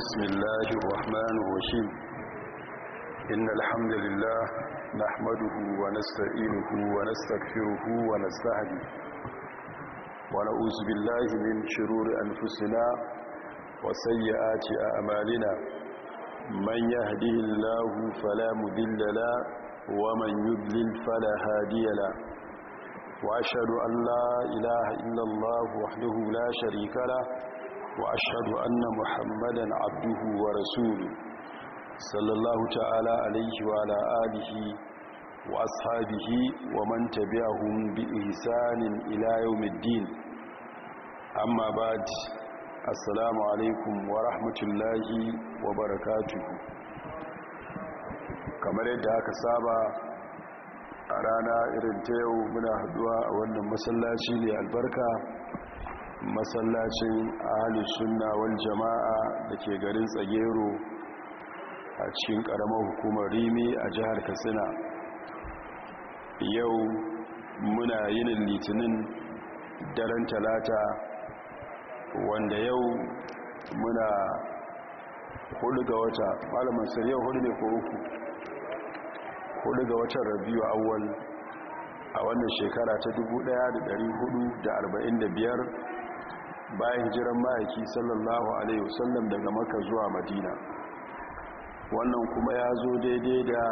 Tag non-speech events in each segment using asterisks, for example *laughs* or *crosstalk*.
بسم الله الرحمن الرحيم إن الحمد لله نحمده ونستعينه ونستغفره ونستهدي ونعوذ بالله من شرور أنفسنا وسيئات أعمالنا من يهده الله فلا مذل لا ومن يذلل فلا هادي لا وأشهد أن لا إله إلا الله وحده لا شريك له وأشهد أن محمدا عبده ورسوله صلى الله تعالى عليه وعلى آله وأصحابه ومن تبعهم بإحسان إلى يوم الدين أما بعد السلام عليكم ورحمة الله وبركاته kamar yadda aka saba a rana irin ta yau muna haduwa a wannan masallaci ne albarka masallacin ahalus suna wal jama'a da ke garin tsagero a cikin ƙaramar hukumar rimi a jihar katsina yau muna yin litinin daren talata wanda yau muna hudu ga wata malamin sai yau hudu ne ko uku hudu ga watan rabiu awwal a wannan shekara ta 1445 bayan jiran ma'aiki sallallahu alaihi wasallam daga maka zuwa madina wannan kuma ya zo daidai da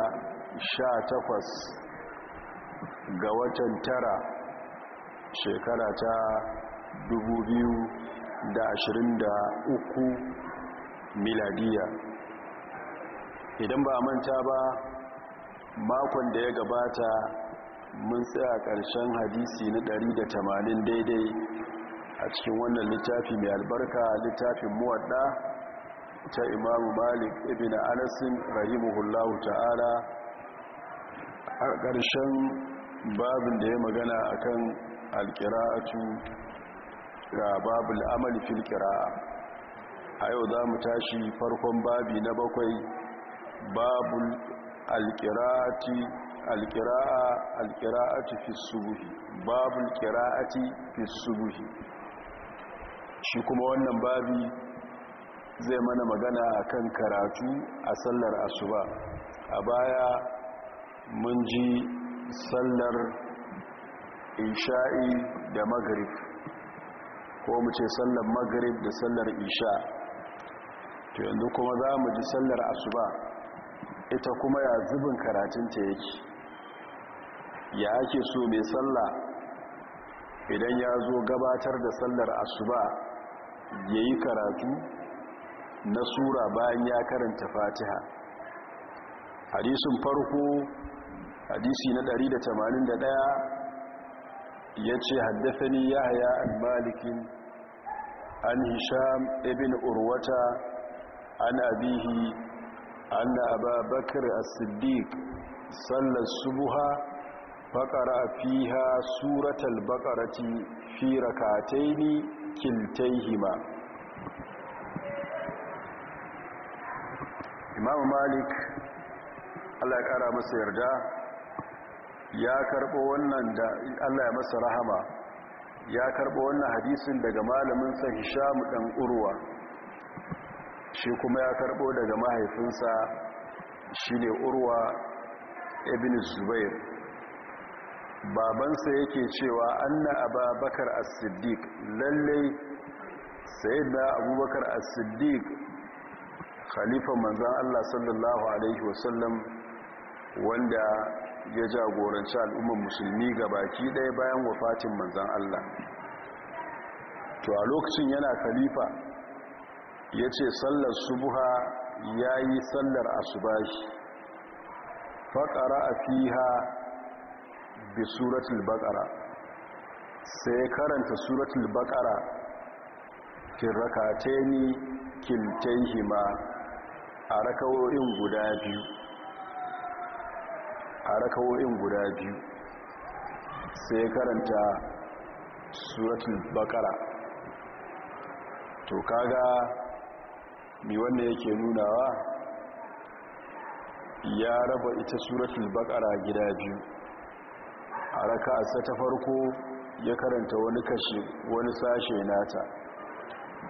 sha takwas ga watan tara shekara ta dubu biyu da ashirin da uku miladiya idan ba manta ba makon da ya gabata mun tsaya ƙarshen hadisi na 180 daidai a cikin wannan littafi mai albarka littafin muwadda ta imamu malik ibn anasin hulahu ta'ala a ƙarshen babin da ya magana a akan alƙira'atu ga babul amalifin fil a yau za mu tashi farkon babi na bakwai babul alƙira'ati fi subuhi babul ƙira'ati fi subuhi shi kuma wannan babi zai mana magana a kan karatu a sallar asuba a baya mun ji sallar isha'i da magrib ko mu ce sallar magrib da sallar isha to yanzu kuma za mu ji sallar asuba ita kuma ya zubin karatunta yake ya ake so mai sallah idan ya zo gabatar da sallar asuba ya yi karatu na sura bayan ya karanta fatiha hadisun farko hadisi na 181 ya ce haddafani ya haya al-malikin an hisham ibn urwata an abihi an da ababakar as-siddiq sallar subuha fi fiha suratul baƙarati fi rakataini kiltaihima imam malik allah ya kara masa yarda ya karbo wannan da allah ya masa rahama ya karbo wannan hadisin daga malamin sa hisham dan urwa shi kuma ya karbo daga mahaifinsa shine urwa ibn zubair babansa yake cewa anna ababakar as-siddiq lalle sayyidina abubakar as-siddiq khalifa manzon Allah sallallahu alaihi wasallam wanda ya jagoranci al'ummar musulmi ga baki ɗaya bayan wafatin manzon Allah to a lokacin yana khalifa yace sallar subha yayi sallar asubahi faqara fiha bi suratul baqara sai ya karanta suratul baqara kirrakateni kiltaihima a rakawoyin guda biyu a rakawoyin guda biyu sai karanta suratul baqara to kaga mi wannan yake nunawa ya raba ita suratul baqara gida biyu a raka'arsa ta farko ya karanta wani kashi wani sashe nata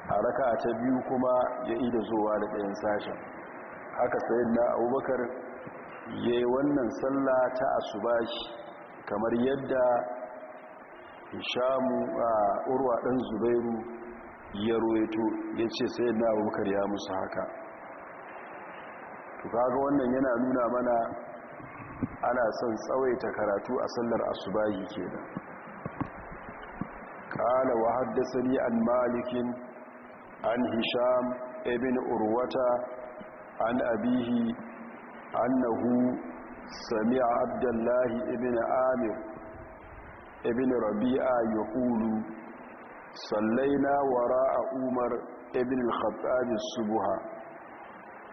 a raka'a ta biyu kuma ya ida zuwa da ɗayan sashen haka sayin na abubakar ya yi wannan sallah ta asubashi kamar yadda shamu a urwa ɗan zubairu ya roeto ya ce sayin na abubakar ya musu haka to ga wannan yana nuna mana ana son tsawaita karatu a sallar asubahi kenan qala wa haddathani an malikin an hisham ibn urwata an abihi annahu sami'a abdullahi ibn amir ibn rabi'a yaqulu sallaina wara'a umar ibn al-khattab as-subha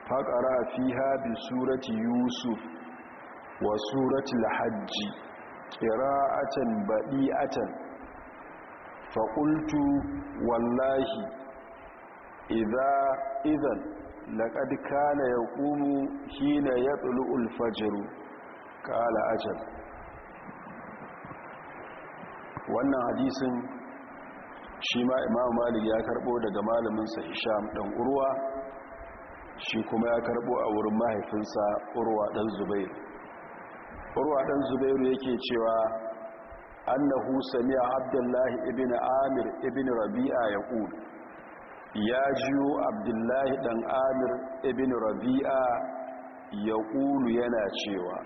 faqara fiha bi surati yusuf wa suratul hajji qira'atan badi'atan fa qultu wallahi idza idzan laqad kana yaqumu hina yatlu'ul fajr qala ajal wannan hadisin shi ma imamu malik ya karbo daga malaminsa hisham dan urwa shi kuma ya karbo a wurin mahaifinsa urwa dan zubair urwa zubairu yake cewa annahu a abdullahi ibn amir ibn rabi'a ya yaqul ya jiyo abdullahi dan amir ibn rabi'a ya yaqulu yana cewa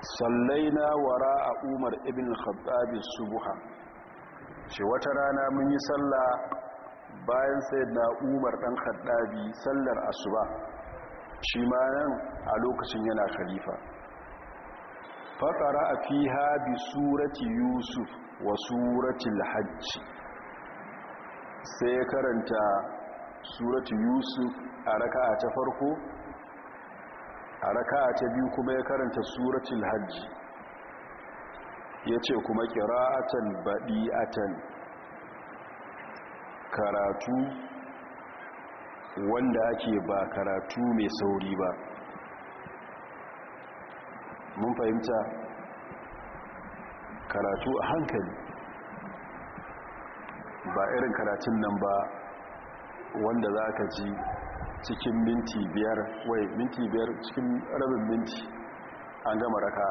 sallaina wara a umar ibn khattabi subuha ce wata rana mun yi sallah bayan sai na umar ɗan haɗabi sallar asuba shi ma nan a lokacin yana khalifa faƙara a fi surati yusuf wa suratul hajji sai ya karanta surati yusuf a raka'a ta farko a raka'a ta biyu kuma ya karanta surati hajji ya ce kuma kira'atan baɗi'atan karatu wanda ake ba karatu mai sauri ba mun fahimta karatu a hankali ba irin karatun nan ba wanda za ka ji cikin minti biyar wai minti biyar cikin rabin minti an gama raka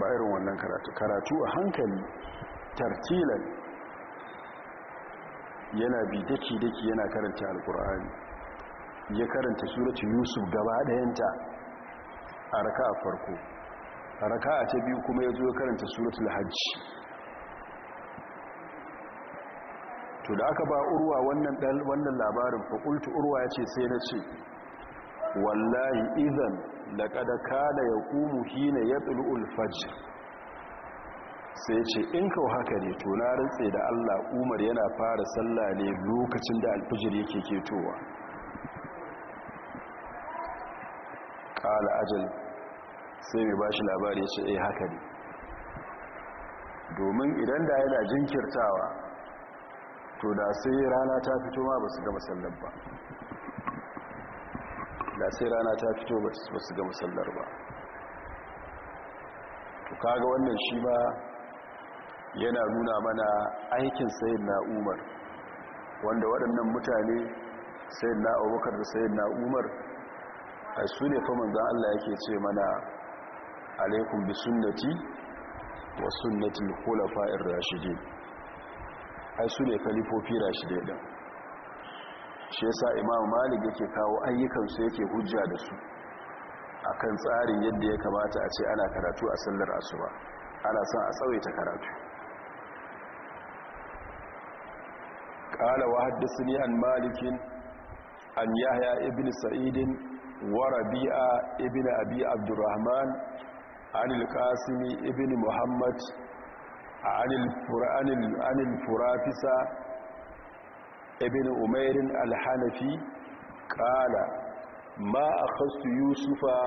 ba irin wannan karatu karatu a hankali tartilan yana bi daki-daki yana karanta alkur'ani ya karanta suratun yusuf gaba ɗayanta a raka a farko a raka a ta biyu kuma ya zo ya karanta suratun hajji to da aka ba urwa wannan labarin fakultu urwa ya ce sai na ce wallahi idan da kada ya ƙumu hina ya tsulul fajr sai ce in kawo haka ne to na rantse da allah umar yana fara sallah ne lokacin da alfijir yake ketowa ƙala ajal sai mai ba shi labari ya ce eh haka ne domin idan da yana jinkirtawa to da sai rana ta fito ma ba su ga masallar ba da sai rana ta fito ba su ga masallar ba to kaga wannan shi ba yana nuna mana aikin sayin na wanda waɗannan mutane sayin na abubakar da sayin na umar a su ne faman zan allah yake ce mana alaikun bi sunnati wa sunnatin kula fa'in rashidi a su ne kalifofi rashidi ɗin shi yasa imam malik yake kawo ayyukansu yake hujja da su A kan tsarin yadda ya kamata a ce ana karatu a sallar asuba ana son a tsawaita karatu Ƙala wa haddathani an malik an yahya ibn sa'id wa rabi'a ibn abi abdurrahman an al-qasim muhammad an al-furan an al-furafisa ibn umair al-hanafi Ƙala ma akhadtu yusufa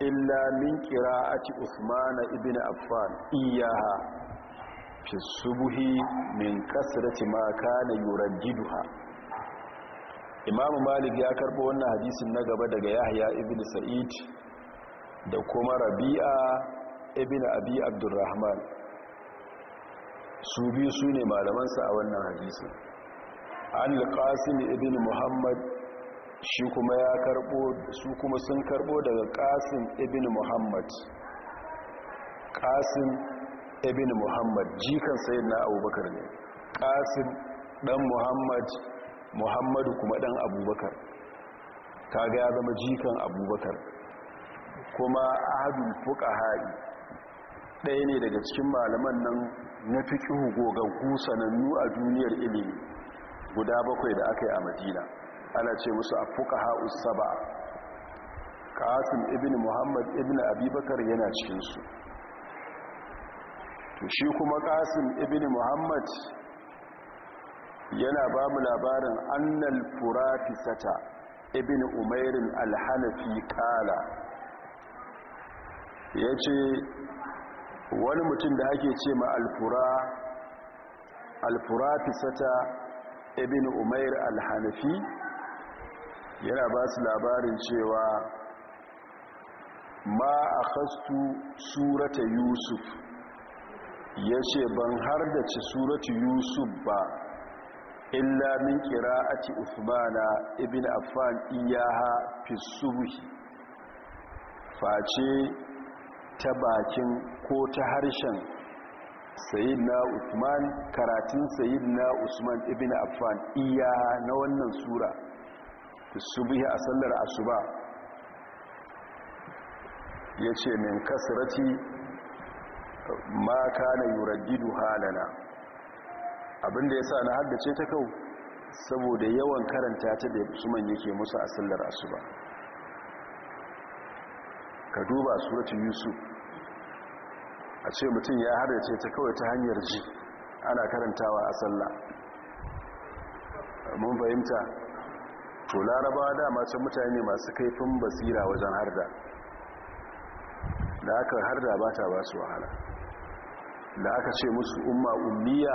illa min qira'ati usman ibn affan iyaha fi subuhi min kasrati ma kana yuraddiduha imamu malik ya karbo wannan hadisin na gaba daga yahya ibn sa'id da kuma rabi'a ibn abi abdurrahman su biyu su ne malamansa a wannan hadisin an qasim ibn muhammad shi kuma ya karbo su kuma sun karbo daga qasim ibn muhammad qasim ibn muhammad jikan na abubakar ne qasim dan muhammad muhammadu kuma dan abubakar kaga ya zama jikan abubakar kuma ahadul fuqaha'i ɗaya ne daga cikin malaman nan na fiqihu gogaggu sanannu a duniyar ilimi guda bakwai da aka yi a madina ana ce musu a fuka haɗu sab'a ƙasim ibn muhammad ibn abubakar yana cikinsu. shi kuma kasim ibn muhammad yana ba mu labarin annal furafisata ibn umairin alhanafi kala ya ce wani mutum da ake ce ma alfura alfurafisata ibn umair alhanafi yana ba su labarin cewa ma a kastu surata yusuf ya ce ban har da ci suratu yusuf ba illa min kira ci usmana ibn affan iyaha fi subuhi face ta bakin ko ta harshen na usman karatun na usman ibn affan iyaha na wannan sura fi subhi a sallar asuba ya ce min kasarati ma kana yuraddidu halana abinda yasa na haddace ta kau saboda yawan karanta ta da Usman yake musu a sallar asuba ka duba suratul yusuf a ce mutum ya haddace ta kawai ta hanyar ji ana karantawa a sallah mun fahimta to larabawa dama can mutane masu kaifin basira wajen harda da aka harda ba ta ba su wahala da aka ce musu umma ummiya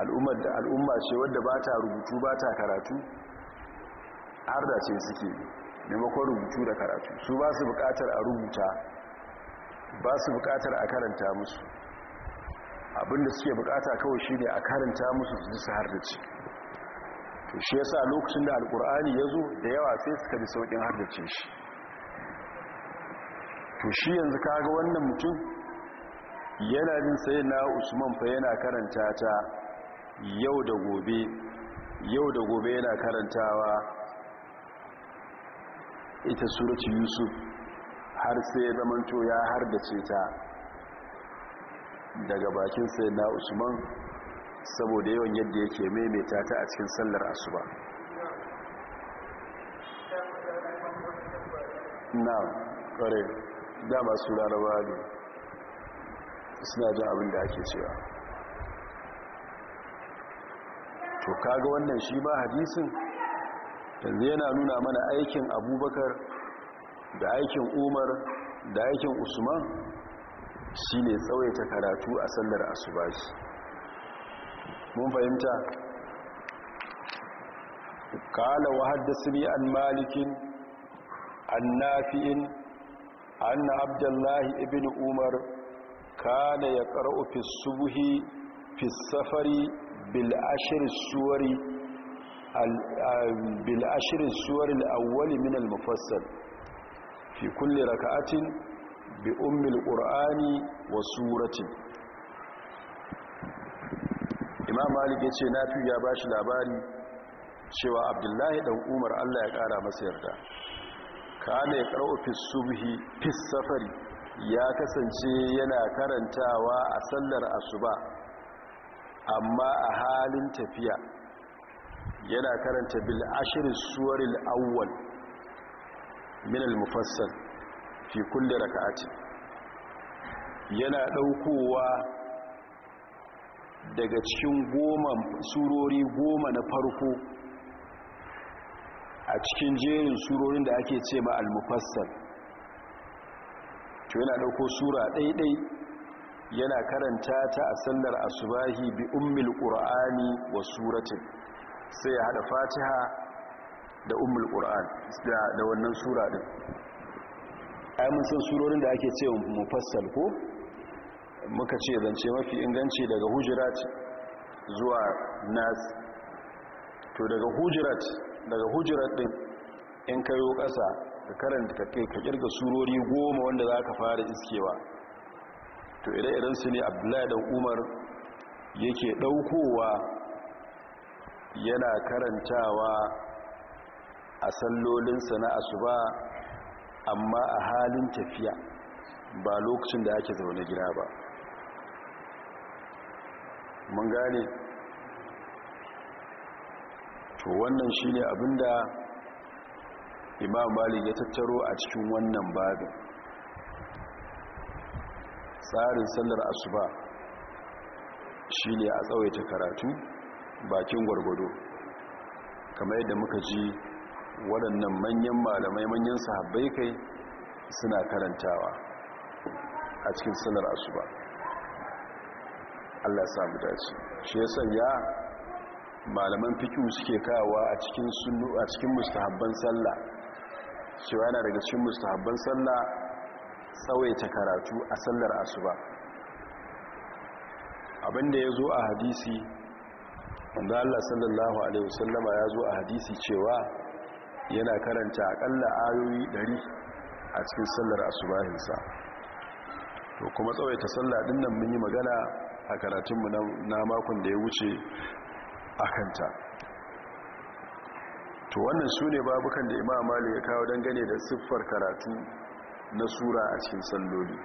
al'ummar da al'umma ce wadda ba ta rubutu ba ta karatu har da ce suke maimakon rubutu da karatu su ba su bukatar a rubuta ba su bukatar a karanta musu abinda suke bukata kawai shi ne a karanta musu su su har da to shi yasa lokacin da alkur'ani ya zo da yawa sai suka bi saukin har da ce shi to shi yanzu kaga wannan mutum yana bin sai na usman fa yana karanta ta yau da gobe yau da gobe yana karantawa ita suratu yusuf har sai ya to ya hardace ta daga bakin sai na usman saboda yawan yadda yake maimaita ta a cikin sallar asuba na ƙware dama su larabawa ne suna jin abin da ake cewa to kaga wannan shi ma hadisin yanzu yana nuna mana aikin abubakar da aikin umar da aikin usman shi ne tsawaita karatu a sallar asubashi mun fahimta kala wa haddasini an malikin an nafi'in an abdullahi ibn umar kana ya ƙar'u fi subuhi fi safari bil'ashirin suwari al'awwali min al-mufassal fi kulle raka'atin bi ummil ƙur'ani wa suratin imam malik ya ce nafi ya ba shi labari cewa abdullahi ɗan umar allah ya ƙara masa yarda kana ya ƙar'u fi subuhi fi safari ya kasance yana karantawa a sallar asuba amma a halin tafiya yana karanta bil ashirin awwal min al-mufassal fi kulli rak'ati yana ɗaukowa daga cikin goma surori goma na farko a cikin jerin surorin da ake ce ma al-mufassal to yana dauko sura ɗaiɗai yana karanta ta a sallar asubahi bi ummul qur'ani wa suratin sai ya hada fatiha da ummul qur'an da wannan sura din ai mun san surorin da ake cewa mufassal ko muka ce zance mafi inganci daga hujurat zuwa nas to daga hujurat daga hujurat din in kayo ƙasa ka karanta kai ka kirga surori goma wanda za ka fara iskewa to idan irin su ne abdullahi da umar yake ɗaukowa yana karantawa a sallolinsa na asuba amma a halin tafiya ba lokacin da ake zaune gida ba mun gane to wannan shi ne abinda imam malik ya tattaro a cikin wannan babin tsarin sallar asuba ne a tsawaita karatu bakin gwargwado kamar yadda muka ji waɗannan manyan malamai manyan sahabbai kai suna karantawa a cikin sallar asuba Allah samu dace shi ya sanya malaman fikin suke kawa a cikin musta habban sallah cewa yana daga cikin mustahabban sallah tsawaita karatu a sallar asuba abinda ya zo a hadisi wanda Allah sallallahu alaihi wasallama ya zo a hadisi cewa yana karanta akalla ayoyi 100 a cikin sallar asubahinsa to kuma tsawaita sallah din nan mun yi magana a karatunmu na makon da ya wuce a kanta to wannan su ne babukan da imam malik ya kawo dangane da siffar karatu na sura a cikin salloli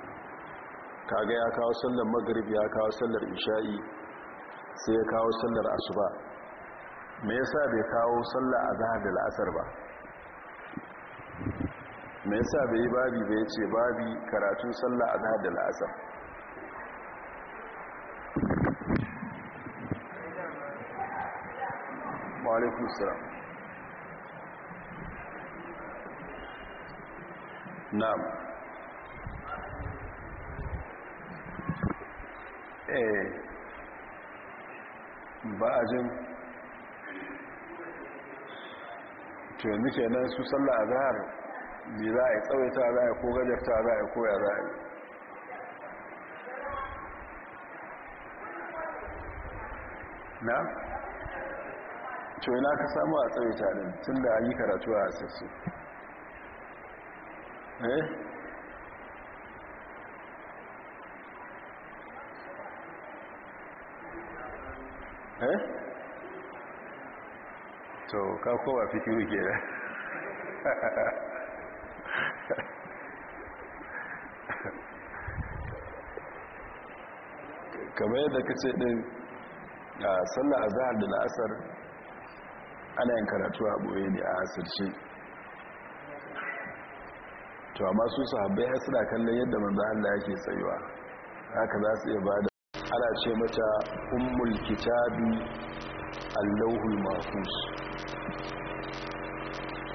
kaga ya kawo sallar maghrib ya kawo sallar isha'i sai ya kawo sallar asuba me yasa bai kawo sallar azhar da la'asar ba me yasa bai babi bai ce babi karatun sallar azhar da la'asar wa alaikum salam na'am eh ba a jin tuyanzu ke nan su sallah a zahar bi za a yi ta za a yi ko ta za a yi ko ya za a yi na? na ka samu a ta din tun da an yi karatu a sassu Eh? eh to ka kowa fikiru ke da eh? kamar yadda ka ce din a sallar azahar da na'asar ana yin karatu a ɓoye ne a asirce to amma su sahabbai har suna kallon yadda manzo Allah yake tsayuwa haka za su iya bada ana ce mata ummul kitabi allahul mahfuz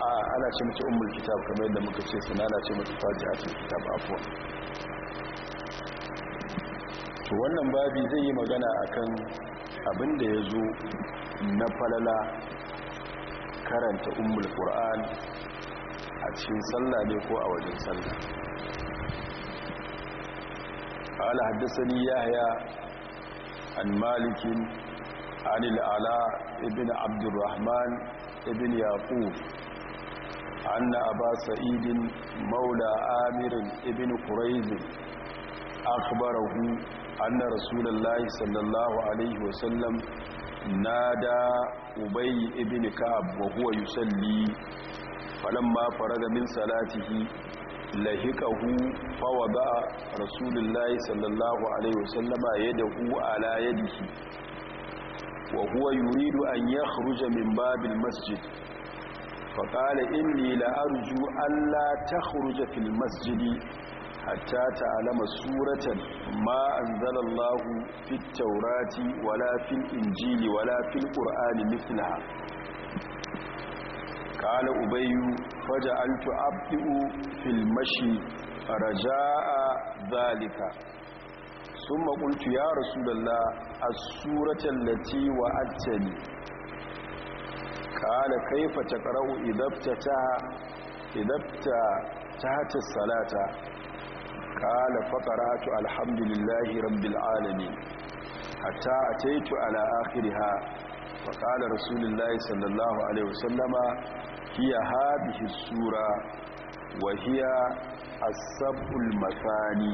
a ana ce mata ummul kitab kamar yadda muka ce suna ana ce mata fatihatul kitab afwan to wannan babi zai yi magana akan abin da ya zo na falala karanta ummul qur'an a cikin sallah ne ko a wajen sallah ala haddasani yahya an malikin anil ala ibn abdurrahman ibn yaqub عن أبا سعيد مولى آمر ابن قريز أخبره أن رسول الله صلى الله عليه وسلم نادى أبي ابن كعب وهو يسلي falon ma fara gamin salatihi lahikahu fawa ba rasulullahi sallallahu alaihi wasallama ya dahu ala yadihi wa huwa yuridu an ya min babin masjid faƙala inni la'arju an la ta kharuja fil masjidi hatta ta alama suratan ma an zalallahu fit taurati wala fil injili wala fil ƙur'ani mislaha kala ubayu faja altu abdu filmashi raja'a zalika sun makuntu ya rasu dalla a suratun lati wa attali kala kaifa ta idabta ta hata salata kala fakaratu alhamdulillahi rabbi alalami hata a taitu ala akiri ha wa kala rasulullahi sallallahu alaihi wasallama hiya hadhihi sura wa hiya as-sab'ul masani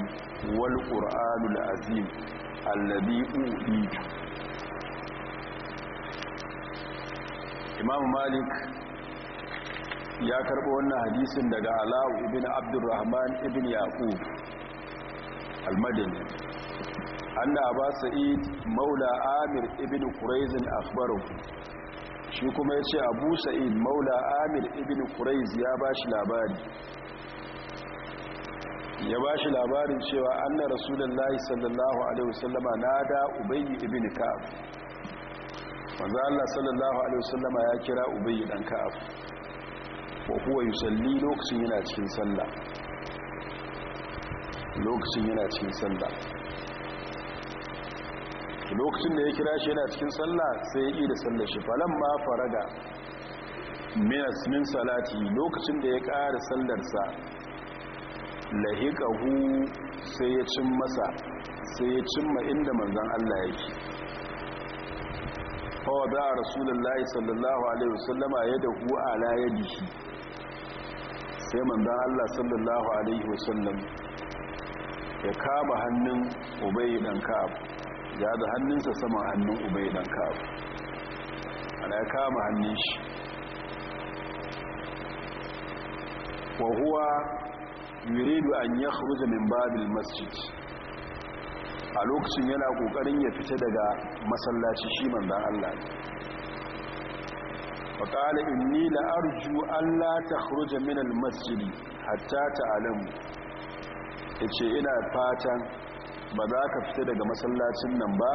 wal qur'anul imam malik ya karbo wannan hadisin daga alawu ibn abdurrahman ibn yaqub al-madani sa'id maula amir ibn quraiz akhbarahu shi kuma ya ce abu sa'id maula amir ibn Kurais ya ba shi labari ya ba shi labarin cewa annar rasulullahi sallallahu alaihi wasallama na da ubayi ibn ka'af manzo Allah sallallahu alaihi wasallama ya kira ubayi dan ka'ab wa huwa salli lokacin yana cikin sallah lokacin yana cikin sallah lokacin da ya kira shi yana cikin sallah sai ya yi da sallar shi falon ma faraga da min salati lokacin da ya ƙara sallarsa lahiƙahu sai ya cin masa sai ya cimma inda manzan Allah ya ke. fawa da a rasulullahi sallallahu alaihi wasallama ya dahu ala yadi shi sai manzan Allah sallallahu alaihi wasallam ya kama hannun obayi ɗan ka'abu ya da hannunsa saman hannun ubai dan ka'ab ana ya kama hannun shi wa huwa yuridu an yakhruja min babil masjid a lokacin yana kokarin ya fita daga masallaci shi manzan Allah fa qala inni la arju an la takhruja min al masjid hatta ta'lamu yace ina fatan ba za ka fita daga masallacin nan ba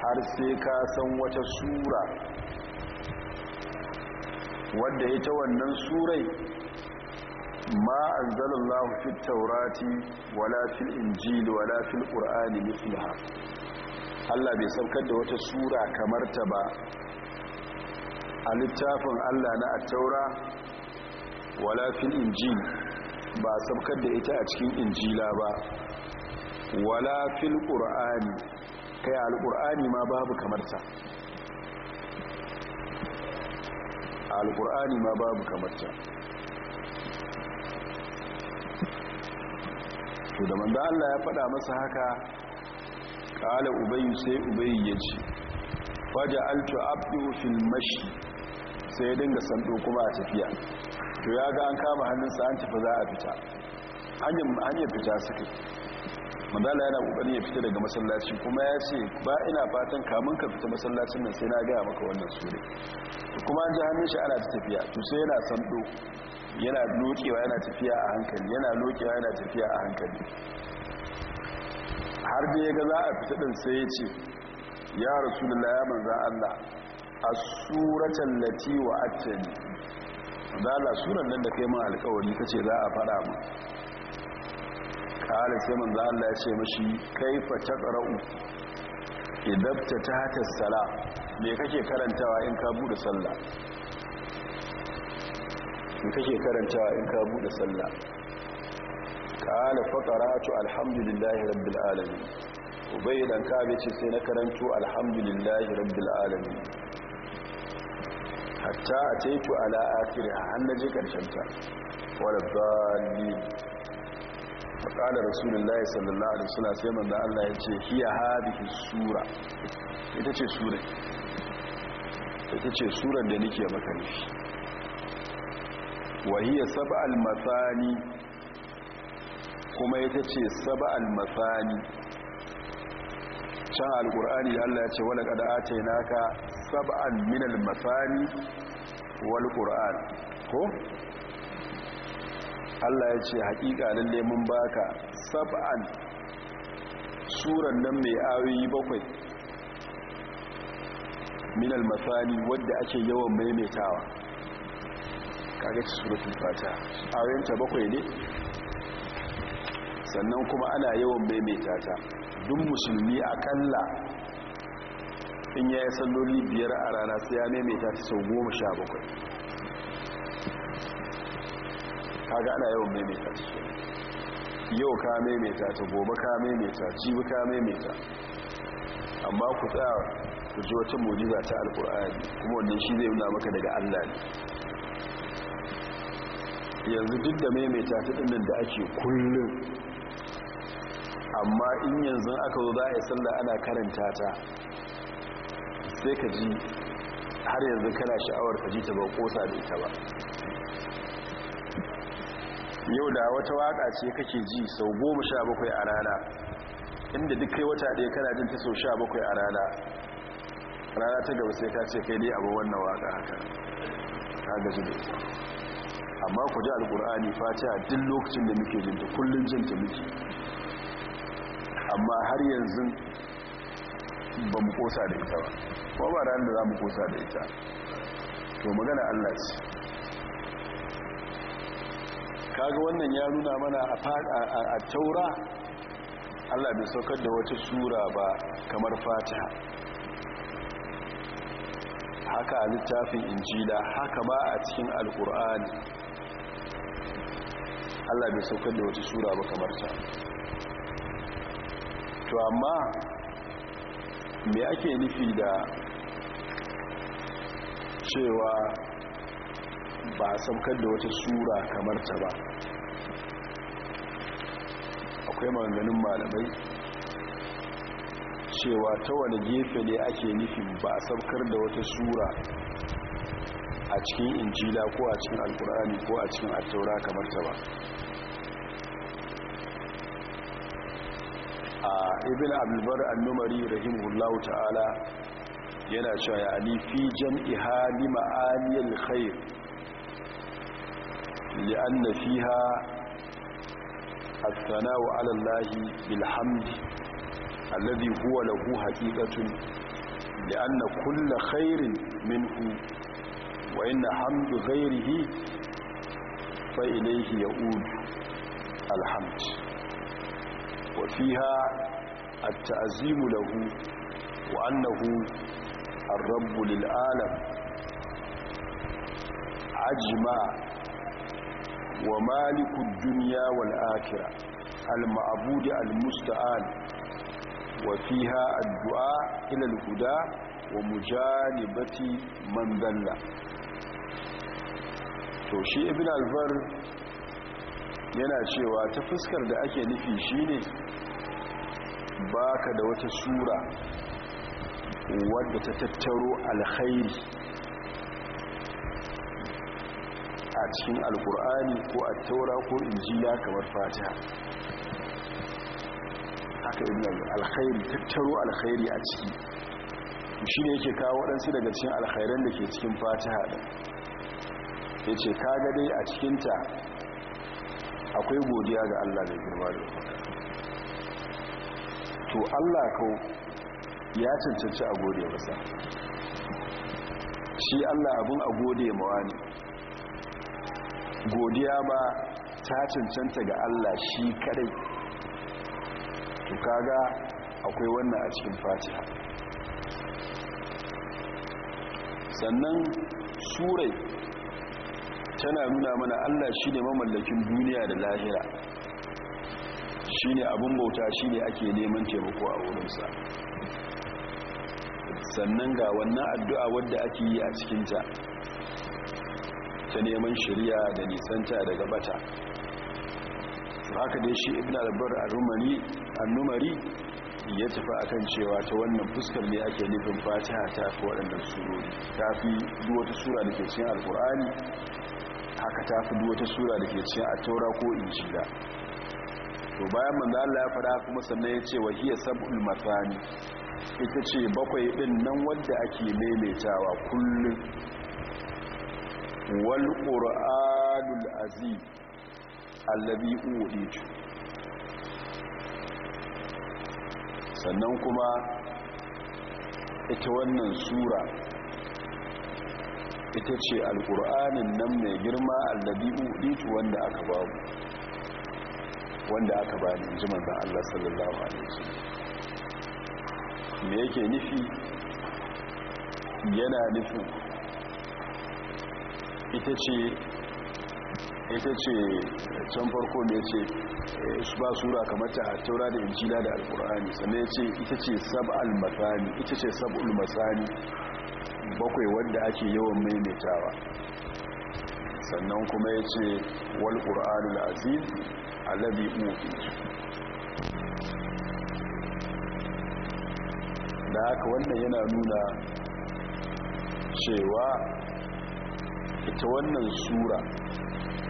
har sai ka san wata sura wadda ita wannan surai ma an zalallahu fi taurati wala injil wala ƙur'ani mislaha Allah bai saukar da wata sura kamar ta ba a littafin Allah na taura wala injil ba saukar da ita a cikin injila ba wala fil qur'ani kai alqur'ani ma babu kamar ta alqur'ani ma babu kamar to da manzo Allah ya faɗa masa haka qala ubay sai ubay yace faja'altu abdu fil mashi sai dinga sando kuma a tafiya to ya ga an kama hannunsa an tafi za a fita hanyar fita suke manzala yana kokari ya fita daga masallaci kuma ya ce ba ina fatan kamun ka fita masallacin nan sai na gaya maka wannan sure to kuma an ji hannun shi ana tafiya to sai yana sando yana lokewa yana tafiya a hankali yana lokewa yana tafiya a hankali har da ya ga za a fita din sai ya ce ya rasulullah ya manzo allah a suratul lati wa attani suran nan da kai mun alƙawari kace za a fara mu ta'ala sai manzo Allah ya ce mashi kaifa taqra'u idabta tahta as-sala me kake karantawa in ka bude sallah me kake karantawa in ka bude sallah qala fa alhamdulillahi rabbil alamin ubaydan ka bi ce sai na karantu alhamdulillahi rabbil alamin hatta ataitu ala akhirha har naje karshen ta wala dhalin faƙalar layi sallallahu alaihi wasallam sai manzo Allah ya ce hiya hadhihi sura ita ce sura ita ce surar da nake maka nishi wa hiya sab'al mathani kuma ita ce sab'al mathani can alqur'ani Allah ya ce wala qad atainaka sab'an minal mathani wal qur'an ko Allah ya ce hakika da neman baka sab'an suran nan mai ayoyi bakwai min al-masani wadda ake yawan maimaitawa kaga ta suratul fatiha ayoyinta bakwai ne sannan kuma ana yawan maimaita ta duk musulmi akalla in yi salloli biyar a rana sai ya maimaita ta sau goma sha bakwai kaga ana yawan maimaita su yau ka maimaita ta gobe ka maimaita jibi ka maimaita amma ku tsaya ku ji wata mujiza ta alkur'ani kuma wannan shi zai nuna maka daga allah ne yanzu duk da maimaita ta ɗinnan da ake kullum amma in yanzu aka zo za a yi sallah ana karanta ta sai ka ji har yanzu kana sha'awar ka ji ta ba kosa da ita ba yau da wata waka ce kake ji sau goma sha bakwai a rana inda duk kai wata ɗaya kana jin ta sau sha bakwai a rana rana ta gaba sai ka ce kai dai abu wannan waka haka ka gaji da ita amma ku ji alkur'ani fatiha duk lokacin da muke jinta kullum jinta muke amma har yanzu ba mu kosa da ita ba ko ba ranar da za mu kosa da ita to magana allah ce kaga wannan ya nuna mana a taura allah bai saukar da wata sura ba kamar fatiha haka a littafin injila haka ba a cikin alkur'ani allah bai saukar da wata sura ba kamar ta to amma me ake nufi da cewa ba a saukar da wata sura kamar ta ba akwai maganganun malamai cewa ta wani gefe ne ake nufin ba a saukar da wata sura a cikin injila ko a cikin alkur'ani ko a cikin attaura kamar ta ba a ibn abubuwar annumari rahimahullahu ta'ala yana cewa ya ali fi hali li khair li'anna fiha as-sana'u 'ala Allahi bil hamdi alladhi huwa lahu haqiqatun li'anna kulla khairin minhu wa inna hamdu ghayrihi fa ilayhi ya'ud al-hamd wa fiha at-ta'zimu lahu wa annahu الرب للعالم عجمع wa malikud duniya wal akira al-ma'abudi al-musta'an wa fiha addu'a ila al-huda wa mujanibati man dalla to shi ibn albar yana cewa ta fuskar da ake nufi shine baka da wata sura wadda ta tattaro alkhairi a cikin alkur'ani ko a taura ko injila kamar fatiha haka ibn alkhairi tattaro alkhairi a ciki shi ne yake kawo waɗansu daga cikin alkhairan da ke cikin fatiha ɗin ya ce kaga dai a cikinta akwai godiya ga allah da girma da to allah kau ya cancanci a gode masa shi allah abin a gode mawa ne godiya ba ta cancanta ga Allah shi kadai to kaga akwai wannan a cikin fatiha sannan surai tana nuna mana Allah shi ne mamallakin duniya da lahira shi ne abin bauta shi ne ake neman taimako a wurinsa sannan ga wannan addu'a wadda ake yi a cikinta ta neman shirya da nisanta daga bata haka dai shi ibn albar annumari ya tafi akan cewa ta wannan fuskar ne ake nufin fatiha ta fi waɗannan surori ta fi duwata sura da ke cikin alkur'ani haka ta fi duwata sura da ke cikin taura ko injila to bayan manzo Allah ya fara kuma sannan ya ce wa hiya sab'ul matani ita ce bakwai din nan wanda ake maimaitawa kullum wal ƙura'anul aziz allabi uɗitu sannan kuma ita wannan sura ita ce nan mai girma allabi uɗitu wanda aka babu wanda aka bani jiman da Allah sallallahu Alaihi wasallam me yake nufi yana nufin ita ce can farko da ya ce eh, su ba sura kamar ta taura da injila da alkur'ani sannan ya ce ita ce sab'al matsani ita ce sab'ul matsani bakwai wanda ake yawan maimaitawa sannan kuma ya ce wal aziz alabi uti da haka wannan yana nuna cewa ita wannan sura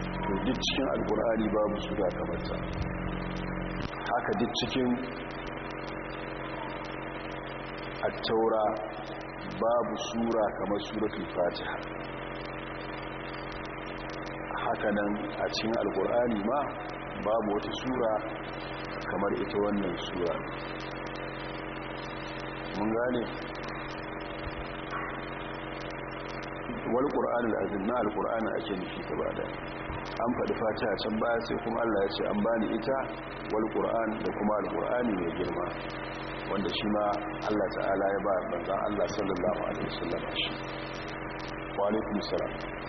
to duk cikin alkur'ani babu sura ta, haka duk cikin attaura babu sura kamar suratul fatiha nan a cikin alkur'ani ma babu wata sura kamar ita wannan sura mun gane wal qur'anul azim na qur'an ake nufi ta bada, an faɗi fata a can baya sai kuma Allah ya ce an bani ita wal qur'an da kuma qur'ani mai girma wanda shi ma Allah ta'ala ya ba banzan Allah sallallahu alaihi wasallam shi wa alaikum salam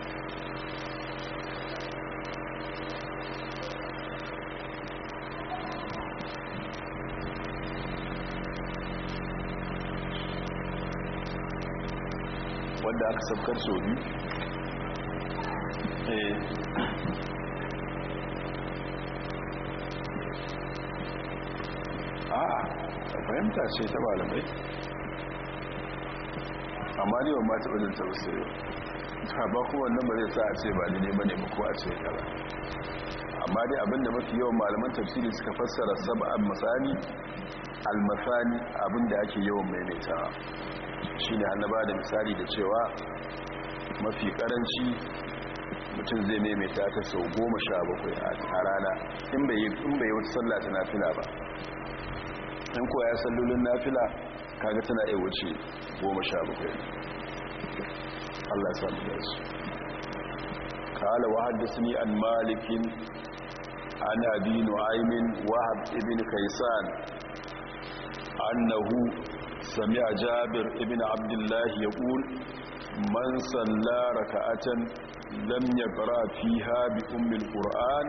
aka saukar so biyu eh. a ah, fahimta ce ta malamai amma ne wa mata wajen tausiri ta ba wannan ba zai sa a ce ba ne neman ne ba ko a ce kara amma dai abinda mafi yawan malaman tafsiri suka fassara sab'an matsani almatsani abinda ake yawan maimaitawa shi ne annaba da misali da cewa mafi karanci mutum zai maimaita ta sau goma sha bakwai a rana in bai yi wata tsalla ta nafila ba in kuwa ya sallolin nafila kaga tana iya wuce goma sha bakwai Allah samu da su kala wa ni an malikin an abi nu'aymin wahab ibn kaisan annahu سمع جابر ابن عبد الله يقول من صلى ركعة لم يقرأ فيها بأم القرآن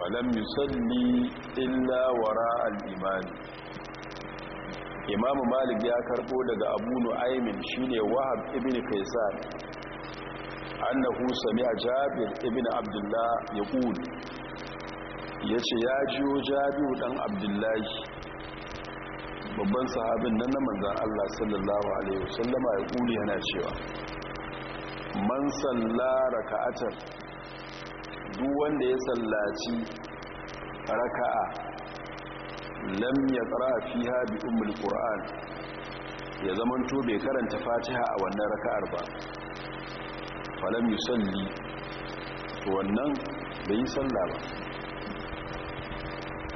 ولم يصلي إلا وراء الإيمان malik ya karɓo daga abu nu'aymin shine wahab ibn kaisar annahu sami'a jabir ibn abdullah yaqul yace ya jiyo jabiru dan abdullahi babban sahabin nan na manzan Allah sallallahu alaihi wasallama ya kuli yana cewa man salla raka'atar duk wanda ya sallaci raka'a lam tsara fiha haɗi umar ya zamanto bai karanta fatiha a wannan raka'ar ba falam yusalli to wannan bai yi salla ba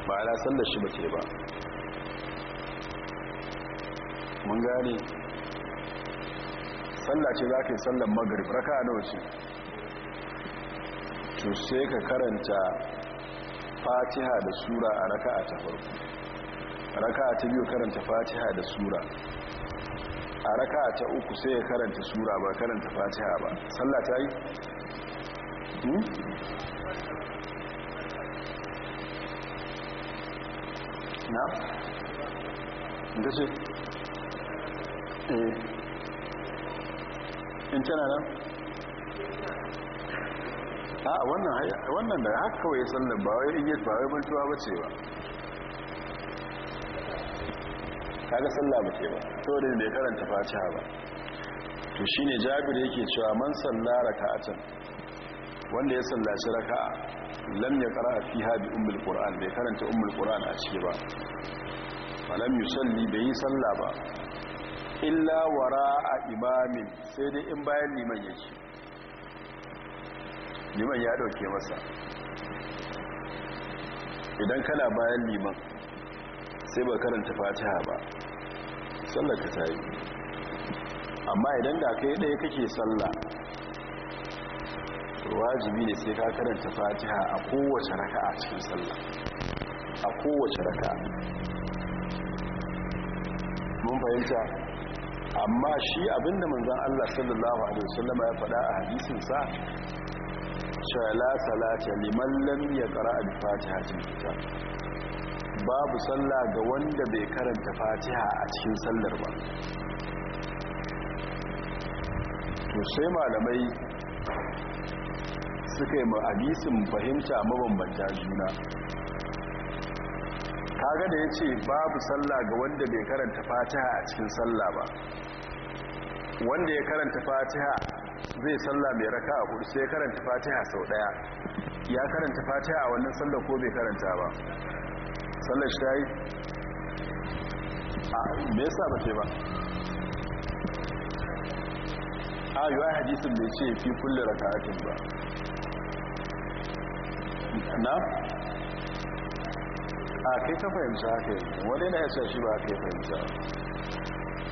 ba ala sallar shi ba ke ba mun gane sallah ce za ka yi sallar magrib raka nawa ce to sai ka karanta fatiha da sura a raka ta tafarku raka ta biyu karanta fatiha da sura a raka ta uku sai ya karanta sura ba karanta fatiha ba sallah ta yi? Hmm? na? da ce? Eh. in tana nan a ah, wannan da haka kawai sallar ba wai iya ba wai mantuwa ba ce ba kaga sallah ba ce ba saboda bai karanta fatiha ba to shine jabir yake cewa man sallara raka'atan wanda ya sallaci raka'a lam yaqra fiha bi ummul qur'an bai karanta ummul qur'an a ciki ba falam yusalli bai yi sallah ba illa wara a imamin sai dai in bayan liman ya ce liman ya dauke masa idan kana bayan liman sai ba karanta fatiha ba sallar ka ta yi amma idan da kai ɗaya kake sallah wajibi ne sai ka karanta fatiha a kowace raka a cikin sallah a kowace raka mun fahimta amma shi abinda manzan Allah sallallahu alaihi wasallama ya faɗa a hadisinsa shala salata liman lam a al-fatihatul kitab babu sallah ga wanda bai karanta fatiha a cikin sallar ba to sai malamai suka yi hadisin fahimta mabambanta juna kaga da yace babu sallah ga wanda bai karanta fatiha a cikin sallah ba wanda ya karanta fatiha zai sallah mai raka a kudu sai ya karanta fatiha sau daya ya karanta fatiha a wannan sallar ko bai karanta ba sallar shi ta yi a me yasa ba ce ba a yi wa hadisun bai ce fi kulle raka'atin ba na a kai ta fahimta haka yi wani yana ya shi ba a kai fahimta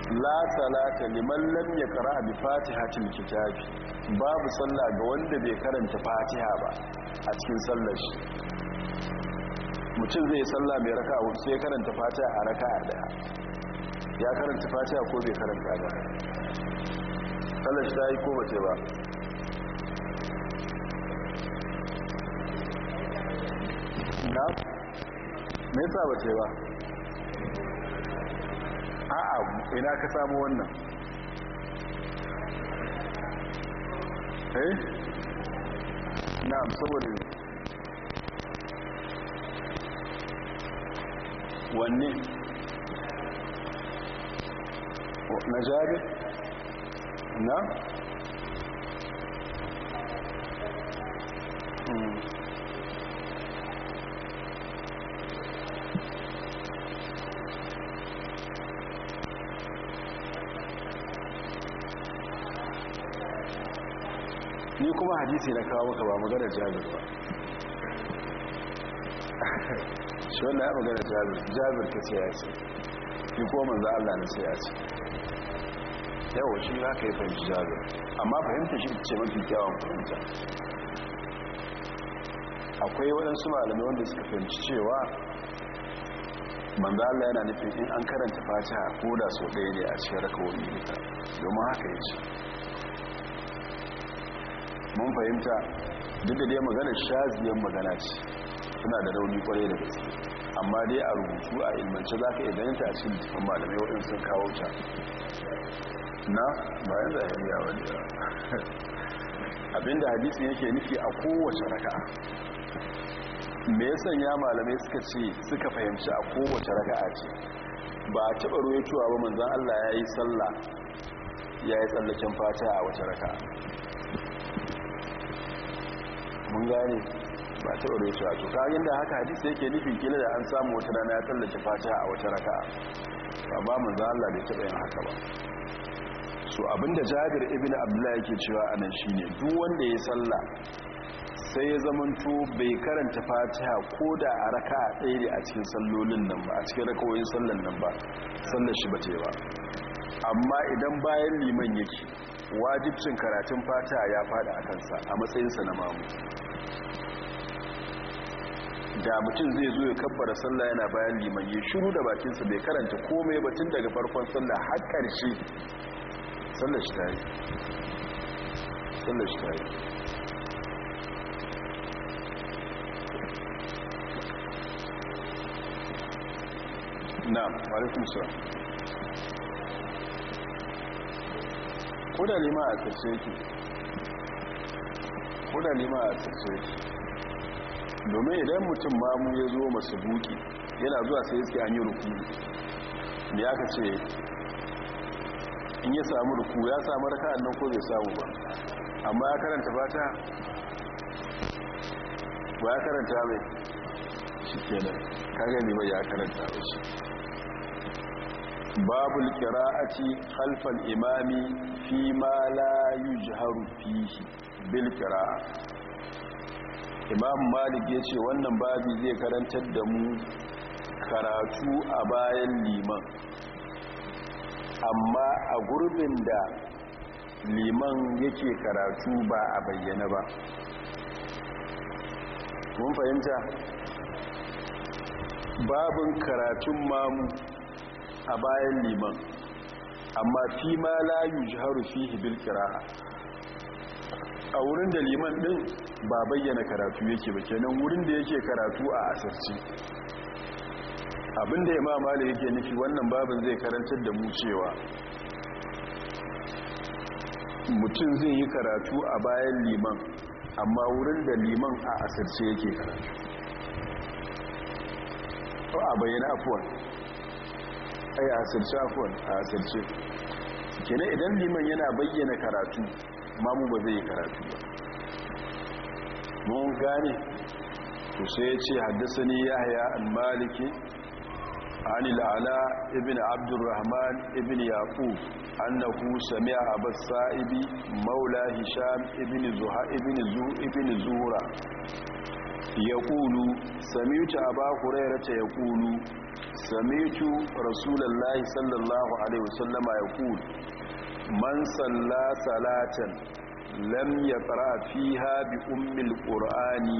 la salata liman lam yaqra bi fatihatil kitab babu sallah ga wanda bai karanta fatiha ba a cikin sallar shi mutum zai sallah mai raka'a sai karanta fatiha a raka'a daya ya karanta fatiha ko bai karanta ba sallar shi ta yi ko bace ba na me yasa bace ba a'a ina ka samu wannan eh na'am saboda wanne na jabir na'am hadisi na kawo maka ba magana jabir ba shi wanda ya magana jabir jabir ka ce ya ce ki ko manzo Allah na ce ya ce yawa shi za ka yi fahimci jabir amma fahimta shi ce mafi kyawun fahimta akwai waɗansu malami wanda suka fahimci cewa manzo Allah yana nufin in an karanta fatiha ko da so ɗaya ne a cikin rakawoyi ta domin haka yace mun fahimta duk da dai magana shaziyar magana ce suna da rauni kwarai da gaske amma dai a rubutu a ilmance za ka iya ta a cikin jikin malamai waɗin sun kawo ta na bayan zahiriya wani abinda hadisi yake nufi a kowace raka. me ya sanya malamai suka ce suka fahimci a kowace a ce ba a taɓa ruwa cewa ba manzan Allah ya yi sallah ya yi fata a wace raka'a mun gane ba ta ware shi to kayan da haka hadisi yake nufin kila da an samu wata rana ya tallace fatiha a wata raka ba mu Allah da taɓa yin haka ba so abinda Jabir ibn Abdullah yake cewa anan shine duk wanda ya salla sai ya zamanto bai karanta fatiha ko da a raka ɗaya ne a cikin sallolin nan ba a cikin rakawoyin sallan nan ba sallar shi ba ta ba amma idan bayan liman yake wajibcin karatun fatiha ya fada a kansa a matsayinsa na mamu da mutum zai zo ya kabbara sallah yana bayan liman ya shiru da bakinsa bai karanta komai ba tun daga farkon sallah har ƙarshe sallar shi ta yi Sallah shi ta yi na alaikun sa ko da lima a ƙarshe ko da lima a ƙarshe yake domin idan mutum ba mu ya zo masu buki yana zuwa sai suke an yi ruku da ya kace in ya samu ruku ya samu raka annan ko zai samu ba amma ya karanta fata ba ya karanta mai shi kenan gani ba ya karanta mai shi babu kira'ati khalfal imami fi ma la yujharu fihi bil kira'a imam malik ya ce wannan babi zai karantar da mu karatu a bayan liman amma a gurbin da liman yake karatu ba a bayyana ba mun fahimta babin karatun mamu a bayan liman amma fi ma layu jiharu fi bil kira. a wurin da liman din ba bayyana karatu yake ba kenan wurin da yake karatu a asirci abinda ya malik yake nufi wannan babin zai karantar da mu cewa mutum zai yi karatu a bayan liman amma wurin da liman a asirce yake karatu a bayyana afuwan ai a asirce afuwan a asirce Kenan idan liman yana bayyana karatu mamu ba zai yi karatu ba mun gane to sai ce haddasani yahya al-maliki Ani al-ala ibnu abdurrahman ibnu yaqub annahu sami'a abu sa'ibi maula hisham ibnu zuha ibnu zu ibnu zura yaqulu sami'tu aba hurayra ta yaqulu sami'tu rasulullahi sallallahu alaihi wasallama Yaqulu, man salla salatan lam yaqra fiha bi ummi alqur'ani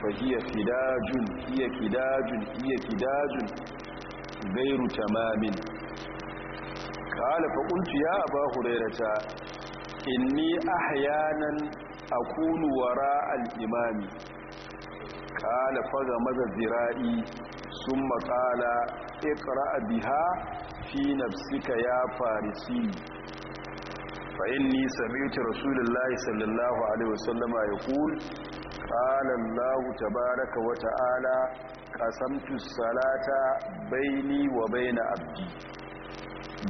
fa hiya kidajun hiya kidajun hiya kidajun ghayru tamamin qala fa qultu ya aba hurairata inni ahyanan akunu wara al-imami qala fa gamaza zira'i sun qala iqra biha fi nafsika ya farisi فإني سمعت رسول الله صلى الله عليه وسلم يقول قال الله تبارك وتعالى قسمت الصلاة بيني وبين عبدي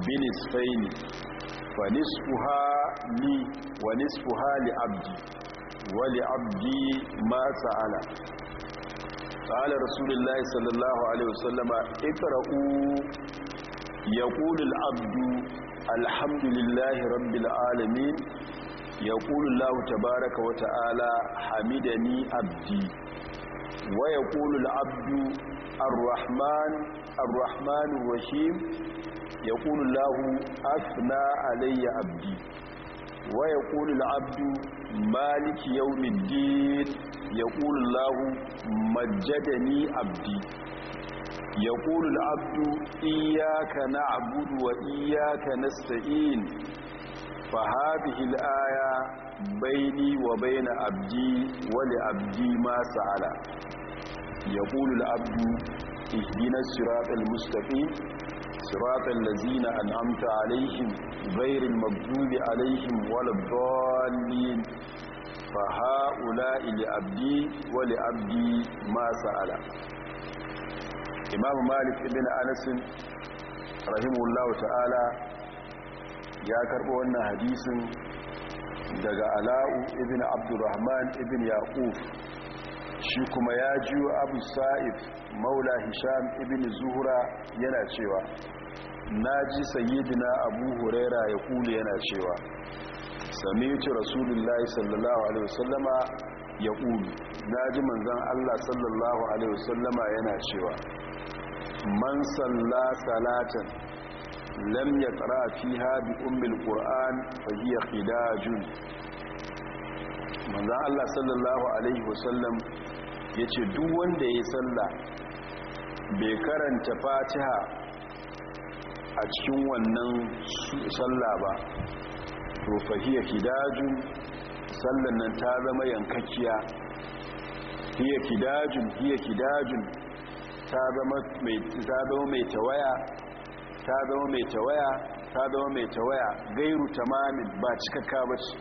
بنصفين فنصفها لي ونصفها لعبدي ولعبدي ما سأل قال رسول الله صلى الله عليه وسلم اقرأوا يقول العبد alhamdulillahi rabbil alamin ya ƙulullahu tabaraka wa ta'ala hamidani abdi wa ya ƙulul abdu arrahman arrahmanu rahim ya ƙulullahu asna alayya abdi wa ya ƙulul abdu maliki yau middin ya ƙulullahu majjadani abdi ya Abdu al'abdu iyaka na abudu wa iyaka na sta'in fahabihi al'aya baini wa baina abdi wale abdi masu ala. ya ƙulu al'abdu ihdina siratul mustafi siratul lazina al'amta alaihim ghairil maghdubi alaihim waladdallin fa ha'ula'i li abdi wale abdi masu ala. imam malik ibn anas rahimahullahu ta'ala ya karbo wannan hadisin daga ala'u ibn abdurrahman ibn yaquf shi kuma ya jiwo abu sa'id maula hisham ibn zuhura yana cewa na ji sayidina abu huraira ya kuli yana cewa samici rasulullahi sallallahu alaihi wasallama ya kuli na ji manzan allah sallallahu alaihi wasallama yana cewa man salla salatan lam yaqra fiha bi ummil qur'an fa hiya qidajun manzo Allah sallallahu alaihi wasallam yace duk wanda ya salla bai karanta fatiha a cikin wannan salla ba to fa hiya qidajun sallan nan ta zama yankakkiya hiya qidajun hiya qidajun ta zama mai tawaya ta zama mai tawaya ta zama mai tawaya gairu tamamin ba cikakka ba ce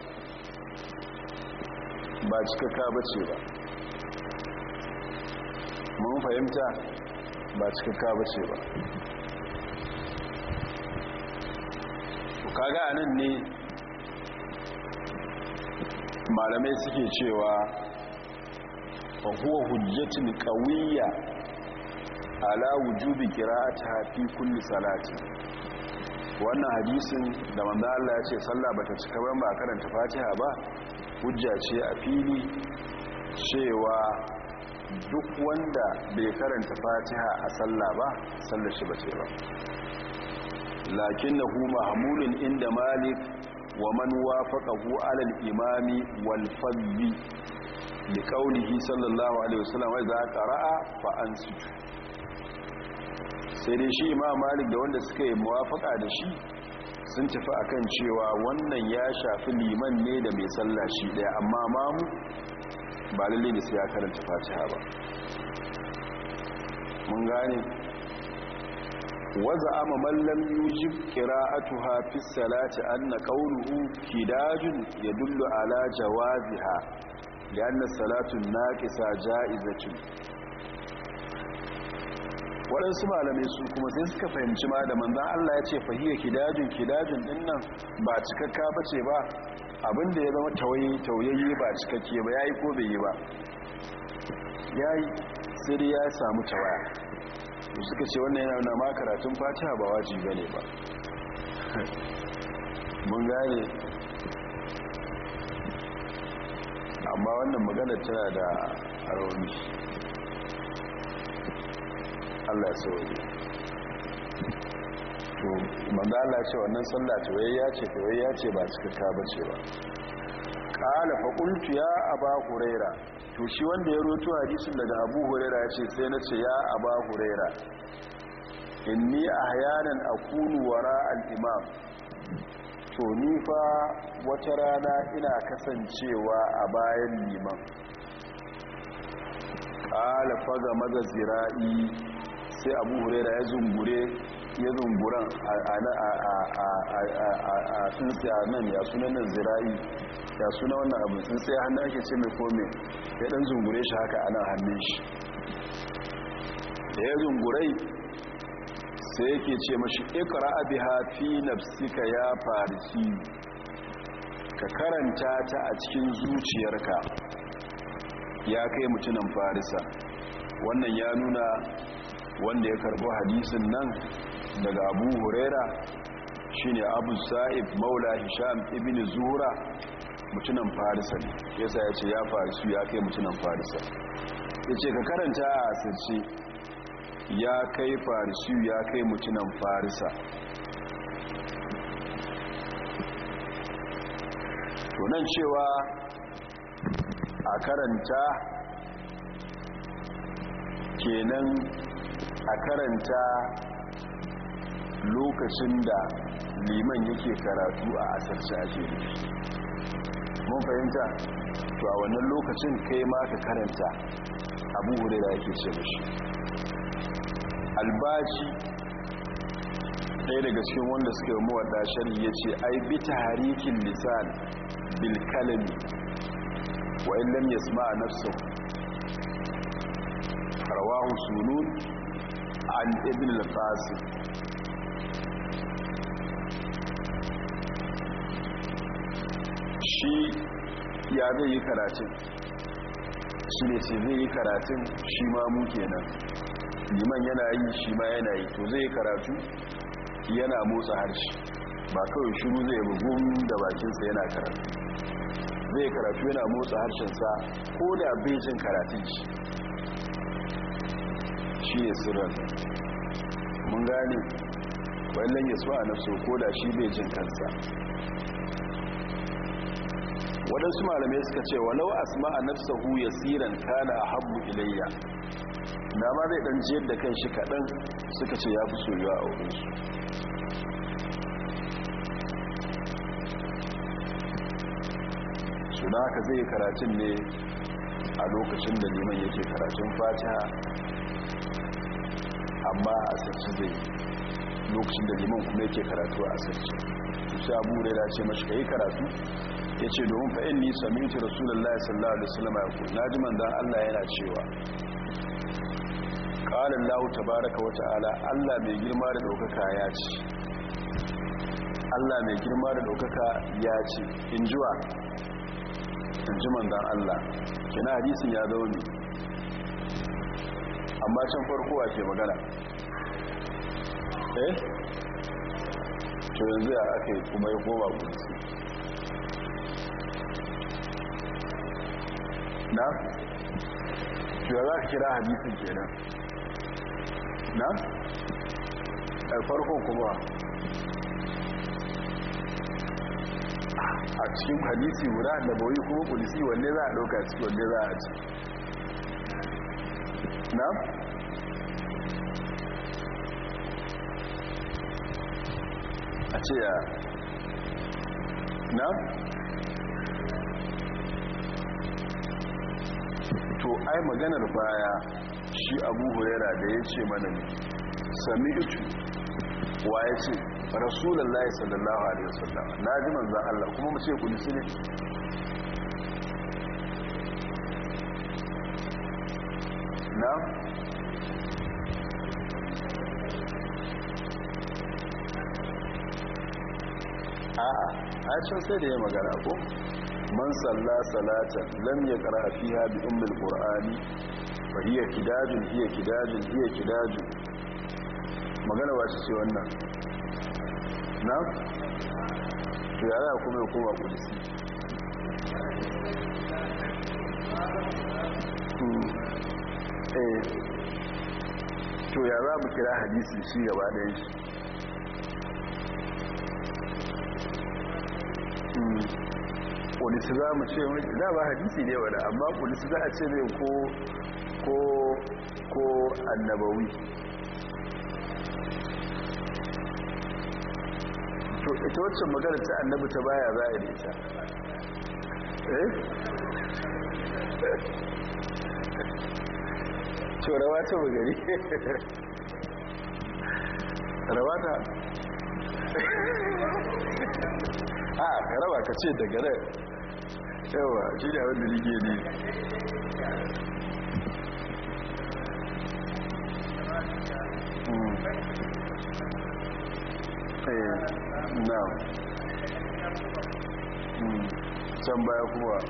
ba cikakka ba ce ba mun fahimta ba cikakka ba ce ba kaga nan ne malamai suke cewa wa kuwa hujjatun kawiyya ala wujubi qira'atiha fi kulli salati wannan hadisin da manzo Allah ya ce sallah bata cika ban ba karanta Fatiha ba hujja ce a fili cewa duk wanda bai karanta Fatiha a sallah ba sallar shi bace ba lakinnahu mahmulun inda Malik wa man wafaqahu ala al-imami wal fadli liqaulihi sallallahu alaihi wasallam wa idza qara'a fa ansitu sai dai shi imam malik da wanda suka yi muwafaka da shi sun tafi akan cewa wannan ya shafi liman ne da mai sallah shi daya amma mamu ba lalle da sai ya karanta fatiha ba mun gane waza ama mallam yujib qira'atuha fi salati anna qawluhu kidajun yadullu ala jawaziha lianna salatu naqisa ja'izatun waɗansu malamai su kuma sai suka fahimci ma da manzan Allah ya ce fahiyar kidajin kidajin dinnan nan ba cikakka ba ce ba abinda ya zama tauyayye ba cikakke ba ya yi ko bai yi ba ya yi sai ya samu tawaya Su suka ce wannan yana nama, makaratun fatiha ba waji ba ne *laughs* ba mun gane amma wannan maganar tana da rauni Allah sai waje to manzo Allah ce wannan sallah ya ce ya ce ba cikakka bace ba qala fa qultu ya aba huraira to shi wanda ya roto hadisin daga abu huraira ya ce sai nace ya aba huraira inni ahyanan akunu wara al-imam to ni fa wata rana ina kasancewa a bayan liman qala fa ga magazira'i sai abu huraira ya zungure ya zunguran a tsinsi a nan ya suna nan zira'i ya suna wannan abu tsinsi a hannun ake ce mai kome ya dan zungure shi haka ana hannun shi da ya zungurai sai yake ce mashi abu hafi na nafsika ya farisi ka karanta ta a cikin zuciyarka ya kai mutunan farisa wannan ya nuna wanda ya karbo hadisin nan daga abu huraira shine abu sa'ib maula hisham ibn zura mutunan farisa ne yasa ya ce ya farisu ya kai mutunan farisa ya ce ka karanta a asirce ya kai farisu ya kai mutunan farisa tunan cewa a karanta kenan a karanta lokacin da liman yake karatu a asarci ake mun fahimta to a wannan lokacin kai ma ka karanta abu hure da yake ce mashi albashi ɗaya daga cikin wanda suka yi muwadda ɗashen ya ce ai bi harikin lisan bilkalami wa illam yasma nafsa rawahu sunun عن ابن al-qasim shi ya zai yi karatun shi ne ce zai yi karatun shi ma mu kenan liman yana yi shi ma yana yi to zai karatu yana motsa harshe ba kawai shiru zai bugun da bakinsa yana karatu zai karatu yana motsa harshensa ko da bejin karatun shi shi ne sirrin mun gane wallon ya suwa na so ko da shi bai jin kansa waɗansu malamai suka ce wa walau asma a nafsahu ya tsiran kana a habbu ilayya na ma zai ɗan jiyar da kan shi kaɗan suka ce ya fi soyuwa a wurinsu su da haka zai karatun ne a lokacin da neman yake karatun fatiha amma a asirci zai lokacin da liman kuma yake karatu a asirci sai abu da ya ce mashi kai karatu ya ce domin fa'in ni saminci rasulallah sallallahu alaihi wasallam ya ku na ji manzan allah yana cewa ƙalin lahu tabaraka ala allah mai girma da ɗaukaka ya ce allah mai girma da ɗaukaka ya ce in jiwa in ji manzan allah kina hadisin ya zaune amma can farko ke magana Eh? to yanzu kuma ya koma na ya za ka kira kenan na a kuma a cikin hadisi guda da bauyi kuma kudisi wanne za a ɗauka ciki wanne za a ci na ce ya na? to ai maganar baya shi abu hurera da ya ce mana ne sami itu wa ya ce rasulallah sallallahu alaihi wasallam na ji manzan Allah kuma mu ce kudi su ne na? a can sai da ya magana ko man salla salatan lam yaqra fiha bi ummil qur'ani fa hiya kidajun hiya kidajun hiya kidajun magana ba ce wannan na to ya za kuma kowa kulisi hmm. eh to ya za mu kira hadisi shi gaba da shi kulisi za mu ce mai da ba hadisi ne wada amma kulisi za a ce mai ko ko ko annabawi to ita wacce magana ta annabi ta baya za a yi ta eh? to rawa ta bugari rawa ta a ah, ka raba ka ce daga rai yawa shi da wanda nike ne na can baya kuwa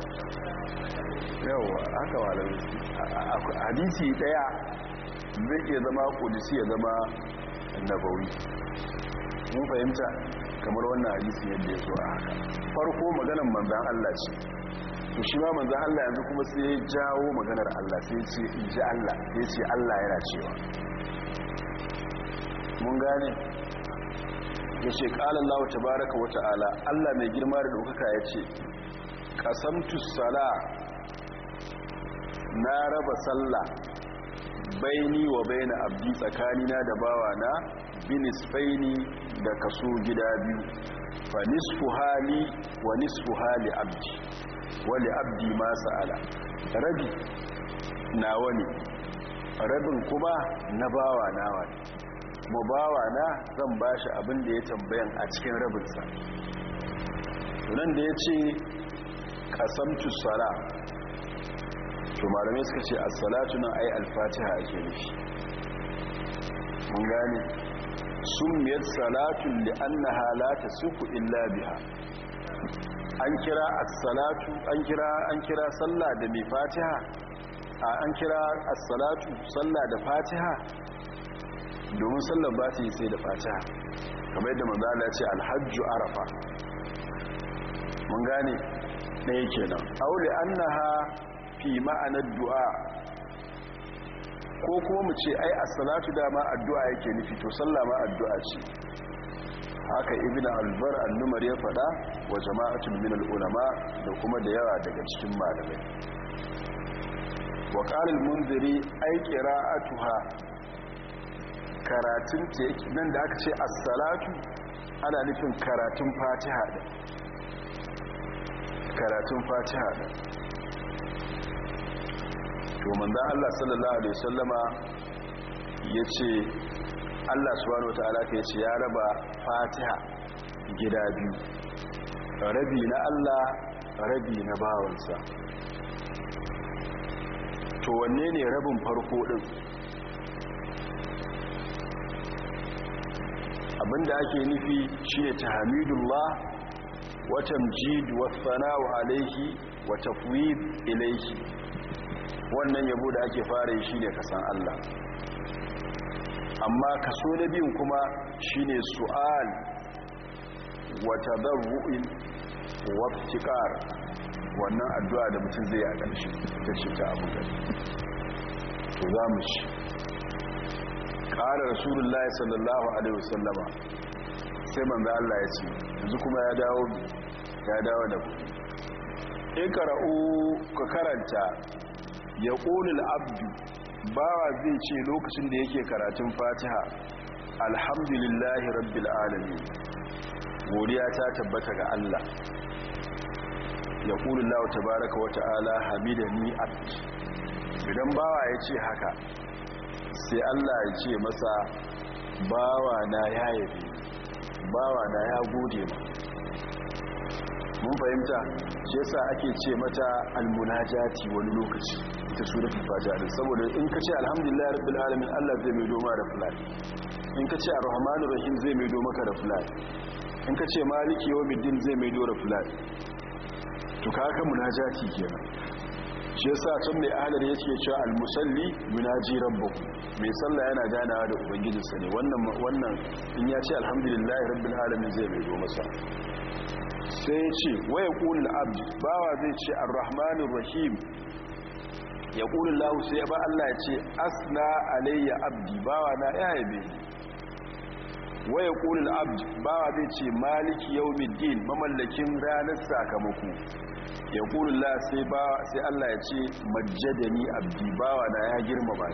yawa aka walar hadisi daya zai iya zama kudisi ya zama nabawi mun fahimta kamar wannan hadisi yadda ya zo haka farko maganan manzan Allah to shi ma manzan Allah yanzu kuma sai ya jawo maganar Allah sai ya ce in ji Allah ya ce Allah yana cewa mun gane ya ce ƙalar lawa tabaraka wa ta'ala Allah mai girma da ɗaukaka ya ce sala na raba sallah baini wa baina abdi tsakanina da bawana binisfaini da kaso gida biyu fa nisfu hali wa nisfu hali abdi wali abdi ma sa'ala rabi na wani, rabin kuma na bawa na wani mu bawa na zan shi abin da ya tambayan a cikin rabinsa nan da ya ce kasamtu sala to malamai suka ce as-salatu nan ai al-fatiha ake nishi mun gane summiyat salatun li annaha la tasihu illa biha an kira as-salatu an kira an kira sallah da mai fatiha an kira as-salatu sallah da fatiha domin sallar ba ta yi sai da fatiha kamar yadda manzala ce alhajju arafa mun gane ɗaya kenan aure annaha fi ma'anar du'a ko kuma mu ce ai as-salatu dama addu'a yake nufi to sallah ma addu'a ce haka ibn albar annumar ya fada wa jama'atul min ulama da kuma da yawa daga cikin malamai wa qala al-munziri ay qira'atuha karatun ce nan da aka ce asalatu, ana nufin karatun fatiha da karatun fatiha da to manzo Allah sallallahu alaihi wasallama yace allah subhanahu wata alaƙa ya ce ya raba fatiha gida biyu rabi na allah rabi na bawansa to wanne ne rabin farko din abinda ake nufi shine tahmidullah wa tamjid wa Sana'a alayhi wa tafwid ilayhi wannan yabo da ake fara shi ne kasan Allah amma kaso na biyun kuma shine su'al wata tadarru'in wa wannan addu'a da mutum zai a ƙarshe ta ce ta abu gari to za mu ci ƙara rasulullahi sallallahu alaihi wasallama sai manzo Allah ya ce yanzu kuma ya dawo ya dawo da ku ikra'u ka karanta ya ƙulil abdu bawa zai ce lokacin da yake karatun fatiha alhamdulillahi rabbil alamin godiya ta tabbata ga Allah ya kulu Allah tabaraka ala hamida ni abd idan bawa ya ce haka sai Allah ya ce masa bawa na ya yabe bawa na ya gode ma mun fahimta shi yasa ake ce mata almunajati wani lokaci ta suratul fatiha din saboda in ka ce alhamdulillahi rabbil alamin Allah zai mai doma da fulani in ka ce arrahmanir rahim zai mai doma ka da fulani in ka ce maliki yawmiddin zai mai doma da fulani to ka haka munajati kenan shi yasa can mai ahlar yake cewa almusalli munaji rabbuh mai sallah yana ganawa da ubangijinsa ne wannan wannan in ya ce alhamdulillahi rabbil alamin zai mai doma sa sai ya ce waya ƙunin abdi bawa zai ce arrahmanin rahim ya ƙulun lahu sai ya ba Allah ya ce asna alayya abdi bawa na ya yabe ya ƙulun abdi bawa zai ce maliki yau middin mamallakin ranar sakamako ya ƙulun la sai Allah ya ce majjadani abdi bawa na ya girma ba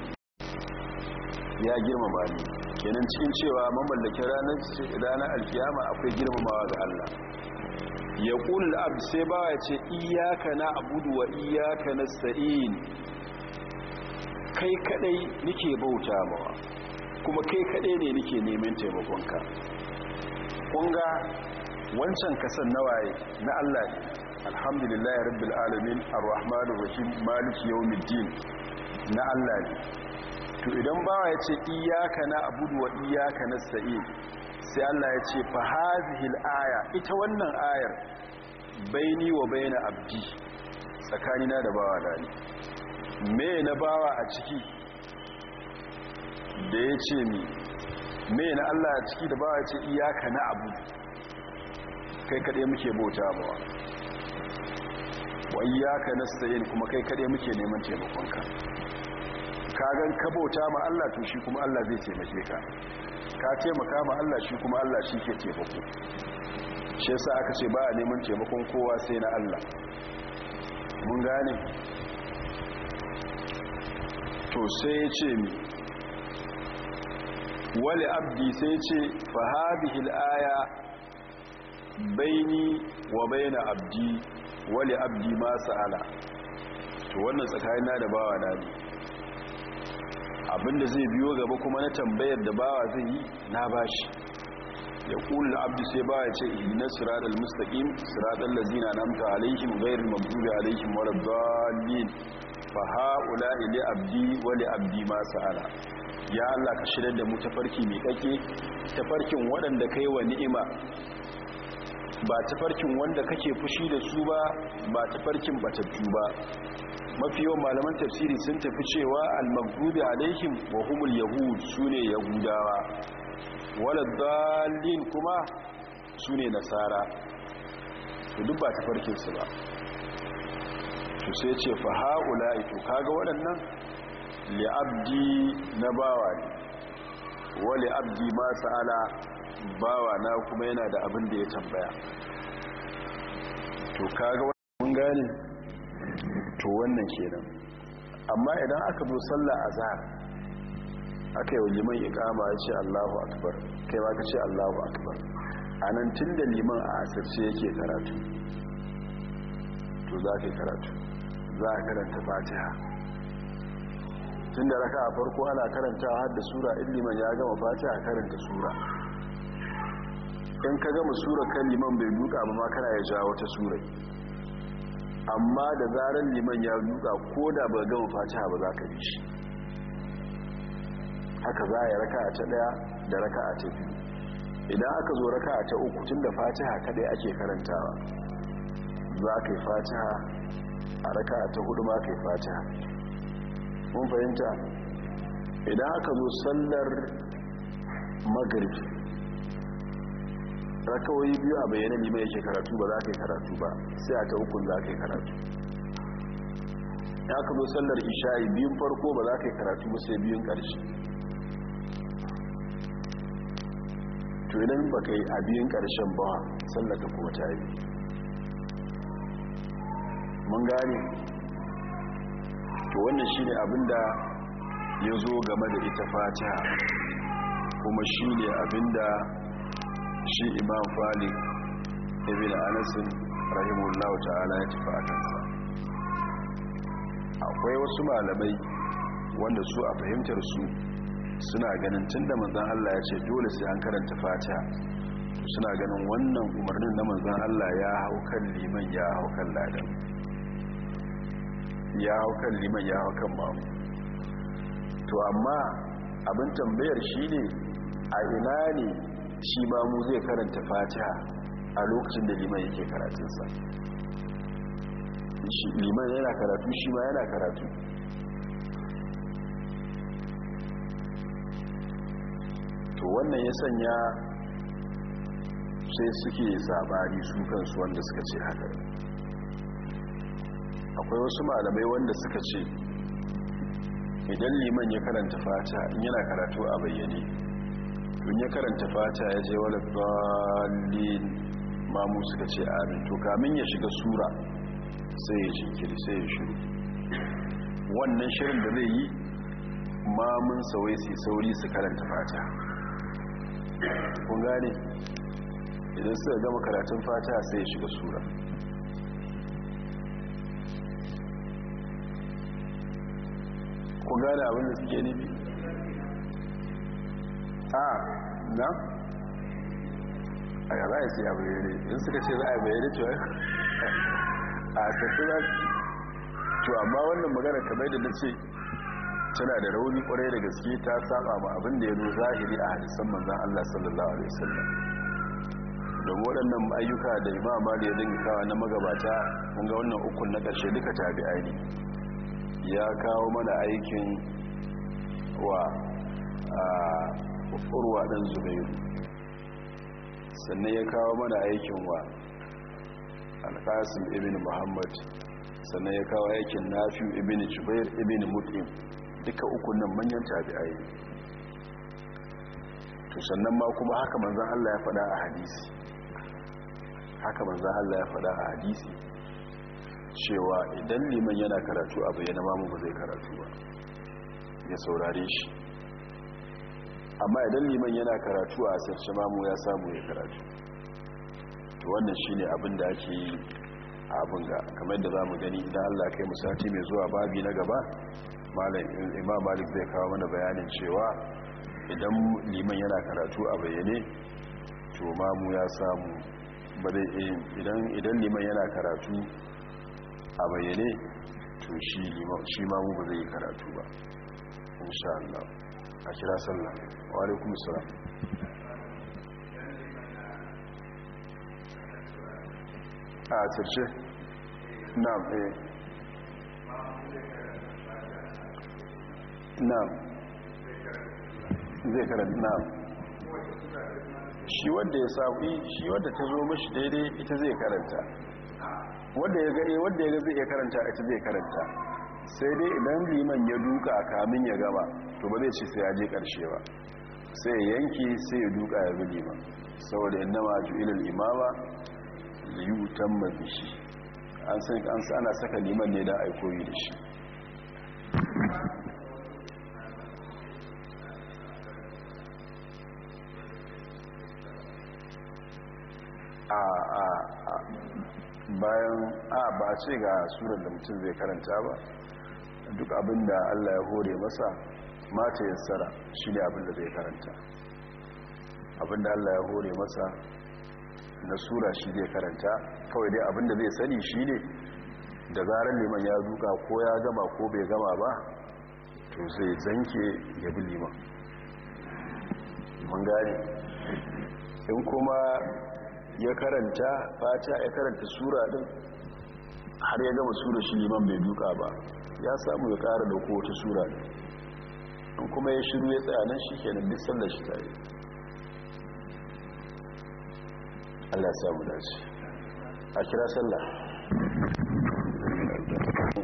ne ya girma ba ne kenan cikin cewa mamallakin ranar alkiyama akwai girmamawa ga Allah ya da abu sai ba ya ce iyaka na abudu wa iyaka na sa'in kai kadai nike bauta mawa kuma kai kadai ne nike neman taimakonka ƙunga wancan kasan nawaye na allah ne alhamdulillah rabbil alamin ar-rahman ar-rahim maliki yawmiddin na allah ne to idan bawa ya ce iyaka na abudu wa iyaka nasta'in sai Allah ya ce fa hazihil aya ita wannan ayar baini wa baina abdi tsakanina da bawa da ni me na bawa a ciki da ya ce mi me na Allah a ciki da bawa ce iyaka na abu kai kade muke bauta bawa wa iyaka nasta'in kuma kai kade muke neman taimakonka kagan ka bauta ma Allah to shi kuma Allah zai taimake ka ka taimaka ma Allah shi kuma Allah shi ke taimako shi yasa aka ce ba a neman taimakon kowa sai na Allah mun gane to sai ce mi wali abdi sai ce fa hadhihi al-aya baini wa baina abdi wali abdi ma sa'ala to wannan na da bawa na ne abinda zai biyo gaba kuma na tambayar da bawa zai yi na bashi ya kula abdu sai ba ya ce ihina siratal mustaqim siratal lazina namta alaihim ghairil maghdubi alaihim waladdallin fa haula ila abdi wa abdi ma sa'ala ya Allah ka shirar da mu tafarki mai kake tafarkin waɗanda kai wa ni'ima ba tafarkin wanda kake fushi da su ba ba tafarkin batattu ba mafi yawan malaman tafsiri sun tafi cewa al-maghdubi alaihim wa humul yahud sune yahudawa waladdallin kuma sune nasara duk ba tafarkin su ba to sai ce fa haula to kaga waɗannan li'abdi na bawa ne wa li'abdi ma sa'ala bawa na kuma yana da abin da ya tambaya to kaga wannan mun gane to wannan kenan amma idan aka zo sallah azhar aka yi liman iqama ya ce Allahu akbar kai ma ka ce Allahu akbar anan tunda liman a asirce yake karatu to za ka karatu za ka karanta fatiha tunda raka a farko ana karanta har da sura in liman ya gama fatiha karanta sura in ka gama sura kan liman bai duka ba ma kana ya ja wata surai amma da zarar liman ya duka ko da ba gama fatiha ba za ka bi shi haka za a yi raka a ta daya da raka a ta biyu idan aka zo raka a ta uku tun da fatiha kadai ake karantawa za ka yi fatiha a raka a ta hudu ma ka yi fatiha mun fahimta idan aka zo sallar magarfi rakawoyi biyu a bayyana mai yake karatu ba za ka yi karatu ba sai a ta hukun za ka yi karatu ya kamo sallar isha'i biyun farko ba za ka yi karatu ba sai biyun ƙarshe to idan ba ka yi a biyun ƙarshen ba sallar ta kuma ta yi mun gane to wannan shi ne abinda ya zo game da ita fata kuma shi ne abinda shi imam malik ibn anasin rahimullahu ta'ala ya tafi a kansa akwai wasu malamai wanda su a fahimtar su suna ganin tunda manzon Allah ya ce dole sai an karanta fatiha suna ganin wannan umarnin na manzon Allah ya hau kan liman ya hau kan ladan ya hau kan liman ya hau kan mamu to amma abin tambayar shi ne a ina ne shi ba mu zai karanta fatiha a lokacin da liman yake karatunsa liman yana karatu shi ma yana karatu to wannan ya sanya sai suke zabari su kansu wanda suka ce haka akwai wasu malamai wanda suka ce idan liman ya karanta fata in yana karatu a bayyane dun ya karanta fata ya je wala dalil mamu suka ce amin to kamin ya shiga sura sai ya jinkiri sai ya shiru wannan shirin da zai yi mamun sawai sai sauri su karanta fata kun gane idan suka gama karatun fata sai ya shiga sura kun gane abinda suke nufi a ah, na a ga za a ce abu yare in suka ce za a bayar to *laughs* a tafi za to amma wannan magana bai da na ce tana da rauni kwarai da gaske ta saba ma abin da ya zo zahiri a hadisan manzan Allah sallallahu alaihi wasallam don waɗannan ayyuka da imam da ya kawa na magabata mun ga wannan ukun na ƙarshe duka bi aini. ya kawo mana aikin wa ah, urwa ɗan zubairu sannan ya kawo mana aikin wa alkasim ibn muhammad sannan ya kawo aikin nafi ibn jubair ibn mutim duka uku nan manyan tabi'ai to sannan ma kuma haka manzan allah ya faɗa a hadisi haka manzan allah ya faɗa a hadisi cewa idan liman yana karatu a bayyana mamu ba zai karatu ba ya saurare shi amma idan liman yana karatu a asirce mamu ya samu ya karatu to wannan shine abin da ake yi a abin ga kamar da za mu gani idan allah kai musati mai zuwa babi na gaba imam malik zai kawo mana bayanin cewa idan liman yana karatu a bayyane to mamu ya samu idan liman yana karatu a bayyane to shi mamu ba zai karatu ba insha Allah a kira sallah wa alaikum salam a tsirce na'am eh na'am zai karanta na'am shi wanda ya sabu shi wanda ta zo mashi daidai ita zai karanta wanda ya gare wanda ya zai karanta ita zai karanta sai dai idan liman ya duka kamin ya gaba to ba zai ci sai ya je karshe ba sai ya yanki sai ya duka ya bi liman saboda yadda ma ilil imama liyutamma bihi an san an ana saka liman ne da aiko yi da shi a bayan a ba ce ga surar da mutum zai karanta ba duk abin da Allah ya hore masa mata tsara shi ne abin da zai karanta abin da Allah ya hore masa na sura shi zai karanta kawai dai abin da zai sani shi ne da zarar liman ya duka ko ya gama ko bai gama ba to zai zanke ya bi liman mun gane in kuma ya karanta fata ya karanta sura din har ya gama sura shi liman bai duka ba ya samu ya ƙara dauko wata sura in kuma ya shiru ya tsaya nan shi nan duk da shi tare Allah ya samu dace a kira sallah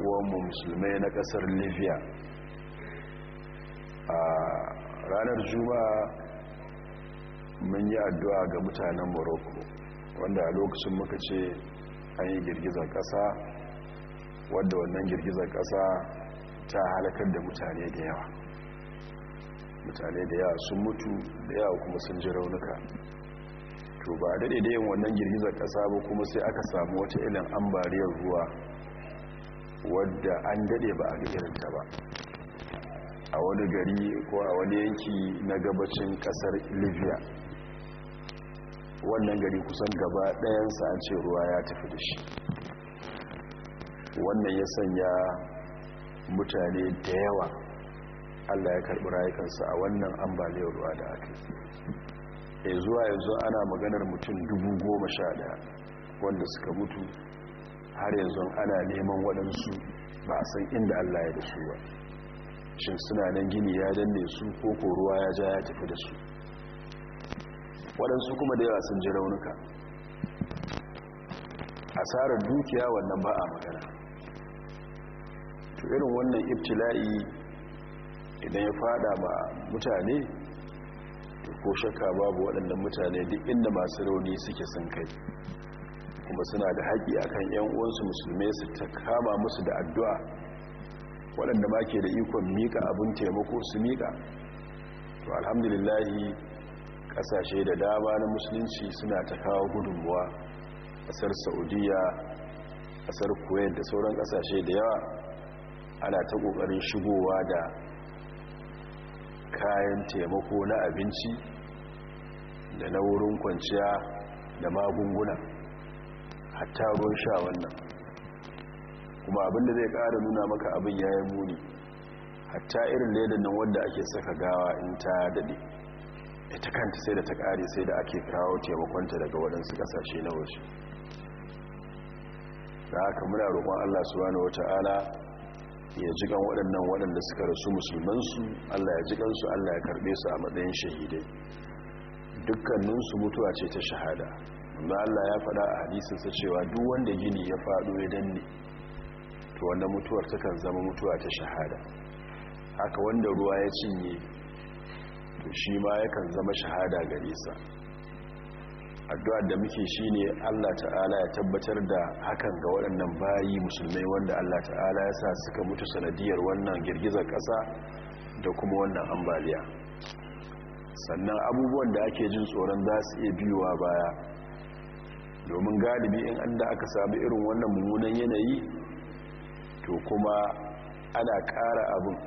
uwanmu musulmai na ƙasar libya a ranar juma'a mun yi addu'a ga mutanen morocco wanda a lokacin muka ce an yi girgizar ƙasa. wadda wannan girgizar ƙasa ta halakar da mutane da yawa mutane da yawa sun mutu da yawa kuma sun ji raunuka to ba a daɗe da wannan girgizar ƙasa ba kuma sai aka samu wata ilin ambariyar ruwa wadda an daɗe ba a ga ba a wani gari ko a wani yanki na gabacin kasar libya wannan gari kusan gaba ɗayansa an ce ruwa ya tafi da shi wannan ya sanya mutane da yawa allah ya karɓi rayukansu a wannan ambaliyar ruwa da aka yi e, zuwa yanzu ana maganar mutum dubu goma sha daya wanda suka mutu har yanzu ana neman waɗansu ba a san inda allah ya da su ba shin suna nan gini ya danne su ko ko ruwa ya ja ya tafi da su waɗansu kuma da yawa sun ji raunuka asarar dukiya wannan ba a magana to irin wannan iftilai idan ya fada ma mutane ko shakka babu waɗannan mutane duk inda masu rauni suke sun kai kuma suna da haƙi akan yan uwansu musulmai su ta kama musu da addu'a waɗanda ba ke da ikon miƙa abin taimako su miƙa to alhamdulillahi ƙasashe da dama na musulunci suna ta kawo gudunmuwa ƙasar saudiya ƙasar kuwait da sauran ƙasashe da yawa ana ta ƙoƙarin shigowa da kayan taimako na abinci da na wurin kwanciya da magunguna hatta ruwan sha wannan kuma abin da zai ƙara nuna maka abin ya yi muni hatta irin ledan nan wanda ake saka gawa in ta daɗe ita kanta sai da ta ƙare sai da ake kawo taimakonta daga waɗansu kasashe na wasu da haka muna roƙon allah wata wata'ala ya jikan waɗannan waɗanda suka rasu musulmansu allah ya jikansu allah ya karɓe su a matsayin shahidai dukkaninsu mutuwa ce ta shahada wanda allah ya faɗa a hadisinsa cewa duk wanda gini ya faɗo ya danne to wanda mutuwar takan zama mutuwa ta shahada haka wanda ruwa ya cinye to shi ma yakan zama shahada gare sa addu'a da muke shi ne Allah ta'ala ya tabbatar da hakan ga waɗannan bayi musulmai wanda Allah ta'ala ya sa suka mutu sanadiyar wannan girgizar ƙasa da kuma wannan ambaliya sannan abubuwan da ake jin tsoron za su iya biyuwa baya domin galibi in an da aka sami irin wannan mummunan yanayi to kuma ana ƙara abin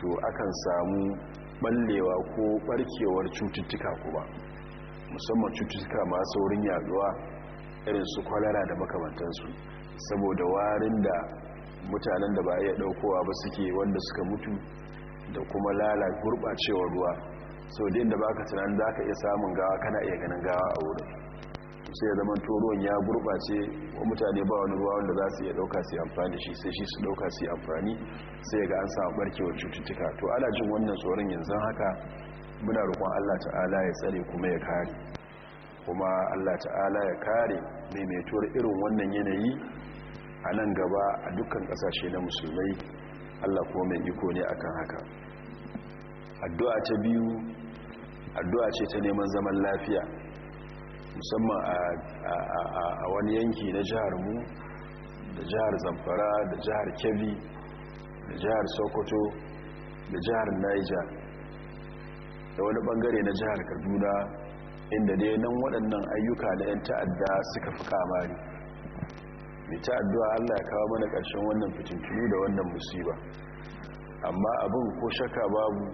to akan samu ɓallewa ko ɓarkewar cututtuka kuma musamman cututtuka masu saurin yaduwa irin su kwalara da makamantansu saboda warin da mutanen da ba a iya daukowa ba suke wanda suka mutu da kuma lala gurɓacewar ruwa sau da yadda ba ka tunanin za ka iya samun gawa kana iya ganin gawa a wurin sai ya zama toron ya gurbace wa mutane ba wani ruwa wanda za su iya ɗauka su amfani shi sai shi su ɗauka su amfani sai ga an samu barkewar cututtuka to ana jin wannan tsoron yanzu haka muna rukun Allah ta'ala ya tsare kuma ya kare kuma Allah ta'ala ya kare mai maimaituwar irin wannan yanayi a nan gaba a dukkan kasashe na musulmai Allah kuma mai iko ne akan haka addu'a ta biyu addu'a ce ta neman zaman lafiya musamman a wani yanki na jihar mu da jihar zamfara da jihar kebbi da jihar sokoto da jihar niger da wani bangare na jihar kaduna inda dai nan waɗannan ayyuka na 'yan ta'adda suka fi kamari mai ta'addu'a allah ya kawo mana ƙarshen wannan fitintunu da wannan musiba amma abin ko shaka babu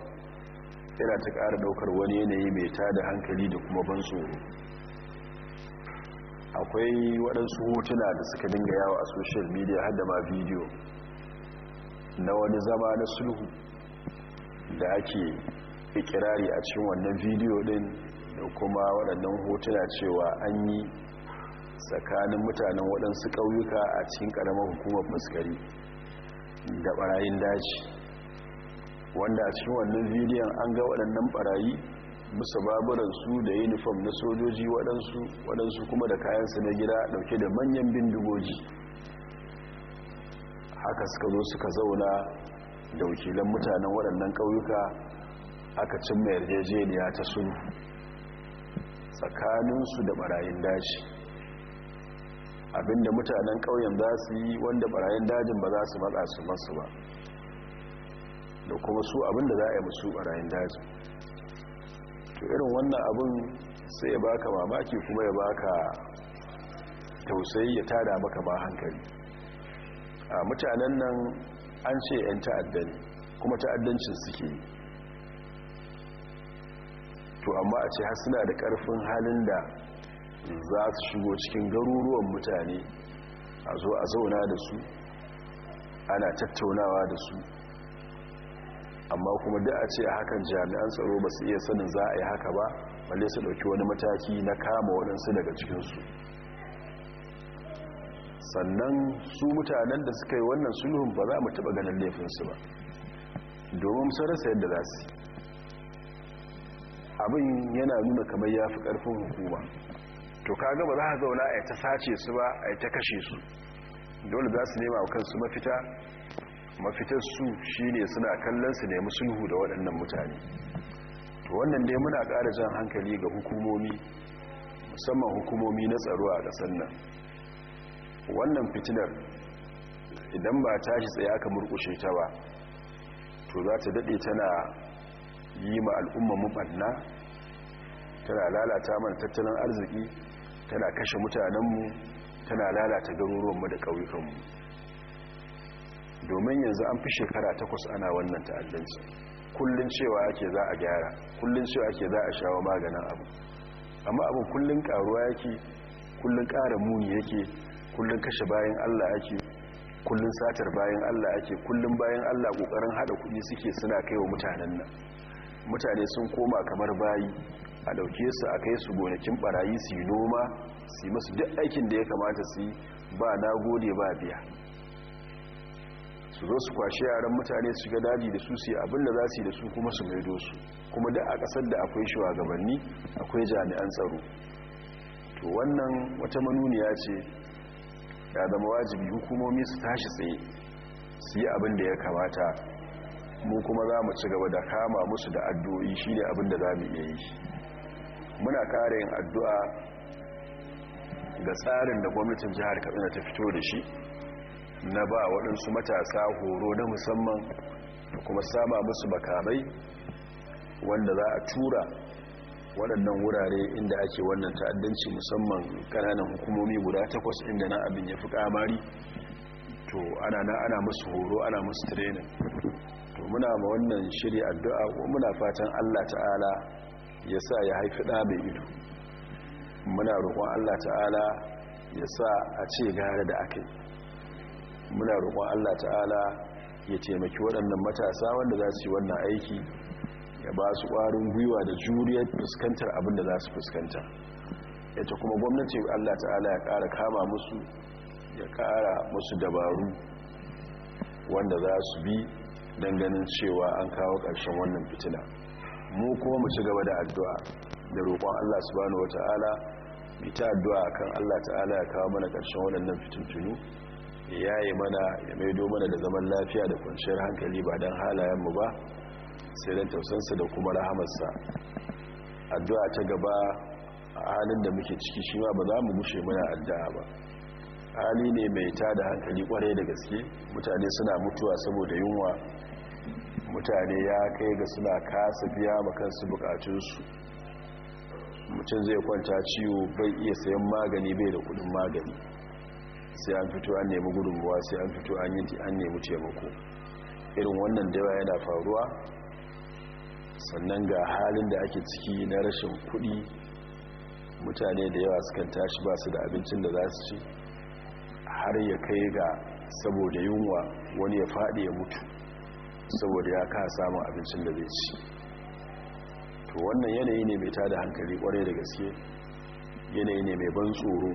yana ta ƙara ɗaukar wani yanayi mai ta da hankali da kuma ban tsoro akwai waɗansu hotuna da suka dinga yawa a social media har da ma bidiyo na wani zama na sulhu da ake ikirari a cikin wannan bidiyo din da kuma waɗannan hotuna cewa an yi tsakanin mutanen waɗansu ƙauyuka a cikin ƙaramar hukumar fuskari da ɓarayin daji wanda a cikin wannan bidiyon an ga waɗannan ɓarayi bisa baburansu da uniform na sojoji waɗansu waɗansu kuma da kayansu na gida ɗauke da manyan bindigoji haka suka zo suka zauna da wakilan mutanen waɗannan ƙauyuka aka cimma yarjejeniya ta sulhu tsakaninsu da barayin daji abinda mutanen ƙauyen za su yi wanda barayin dajin ba za su matsa su masu ba da kuma su abinda za a yi musu barayin daji to irin wannan abin sai ya baka mamaki kuma ya baka tausayi ya tada maka ba hankali a mutanen nan an ce 'yan ta'addani kuma ta'addancin suke yi to amma a ce har suna da karfin halin da za su shigo cikin garuruwan mutane a zo a zauna da su ana tattaunawa da su amma kuma da a ce a hakan jami'an tsaro ba su iya sanin za a yi haka ba wale su ɗauki wani mataki na kama waɗansu daga cikinsu sannan su mutanen da suka yi wannan sulhun ba za mu taɓa ganin laifinsu ba domin sarasa rasa yadda za su yi abin yana nuna kamar ya fi ƙarfin hukuma to kaga ba za a zauna a ta sace su ba a ta kashe su dole za su nema a kansu mafita mafitar su shi ne suna kallon su nemi sulhu da waɗannan mutane to wannan dai muna ƙara jan hankali ga hukumomi musamman hukumomi na tsaro a ƙasar nan wannan fitinar idan ba tashi tsaye aka murƙushe ta ba to za ta daɗe tana yi ma al'umma mu tana lalata mana tattalin arziki tana kashe mutanenmu tana lalata garuruwanmu da ƙauyukanmu domin yanzu an fi shekara takwas ana wannan ta'addanci kullum cewa ake za a gyara kullum cewa ake za a shawo maganin abu amma abin kullum karuwa yake kullum ƙara muni yake kullum kashe bayan allah ake kullum satar bayan allah ake kullum bayan allah ƙoƙarin haɗa kuɗi suke suna kai wa mutanen nan mutane sun koma kamar bayi a dauke su a kai su gonakin barayi su yi noma su yi masu duk aikin da ya kamata su yi ba na gode ba biya su zo su kwashe yaran mutane su ga daji da su su yi abin da za su yi da su kuma su maido su kuma duk a kasar da akwai shugabanni akwai jami'an tsaro to wannan wata manuniya ce ya zama wajibi hukumomi su tashi tsaye su yi abin da ya kamata mu kuma za mu ci gaba da kama musu da addu'o'i shi ne da za mu iya yi muna kare yin addu'a ga tsarin da gwamnatin jihar katsina ta fito da shi na ba waɗansu matasa horo na musamman da kuma sama musu makamai wanda za a tura waɗannan wurare inda ake wannan ta'addanci musamman ƙananan hukumomi guda takwas inda na abin ya fi ƙamari to ana na ana musu horo ana musu trenin to muna ma wannan shiri addu'a ko muna fatan Allah ta'ala ya sa ya haifi ɗa mai ido muna roƙon Allah ta'ala ya sa a ce gare da aka muna roƙon Allah ta'ala ya taimaki waɗannan matasa wanda za su yi wannan aiki ya ba su ƙwarin gwiwa da juriyar fuskantar abin da za su fuskanta yace kuma gwamnati Allah ta'ala ya ƙara kama musu ya ƙara musu dabaru wanda za su bi don ganin cewa an kawo ƙarshen wannan fitina mu kuma mu ci gaba da addu'a da roƙon Allah subhanahu wata'ala bi addu'a kan Allah ta'ala ya kawo mana ƙarshen wannan fitintunu ya yi mana ya maido mana da zaman lafiya da kwanciyar hankali ba don halayenmu ba sai don tausansa da kuma rahamarsa addu'a ta gaba a halin da muke ciki shi ba za mu gushe mana addu'a ba hali ne mai tada hankali kwarai da gaske mutane suna mutuwa saboda yunwa mutane ya kai ga suna kasa biya makansu bukatunsu mutum zai kwanta ciwo bai iya sayan magani bai da kudin magani sai an fito an nemi gudunmuwa sai an fito an yi an nemi taimako irin wannan dawa yana faruwa sannan ga halin da ake ciki na rashin kudi mutane da yawa sukan tashi ba su da abincin da za su ci har ya kai ga saboda yunwa wani ya faɗi ya mutu saboda ya ka samun abincin da zai ci to wannan yanayi ne mai tada hankali kwarai da gaske yanayi ne mai ban tsoro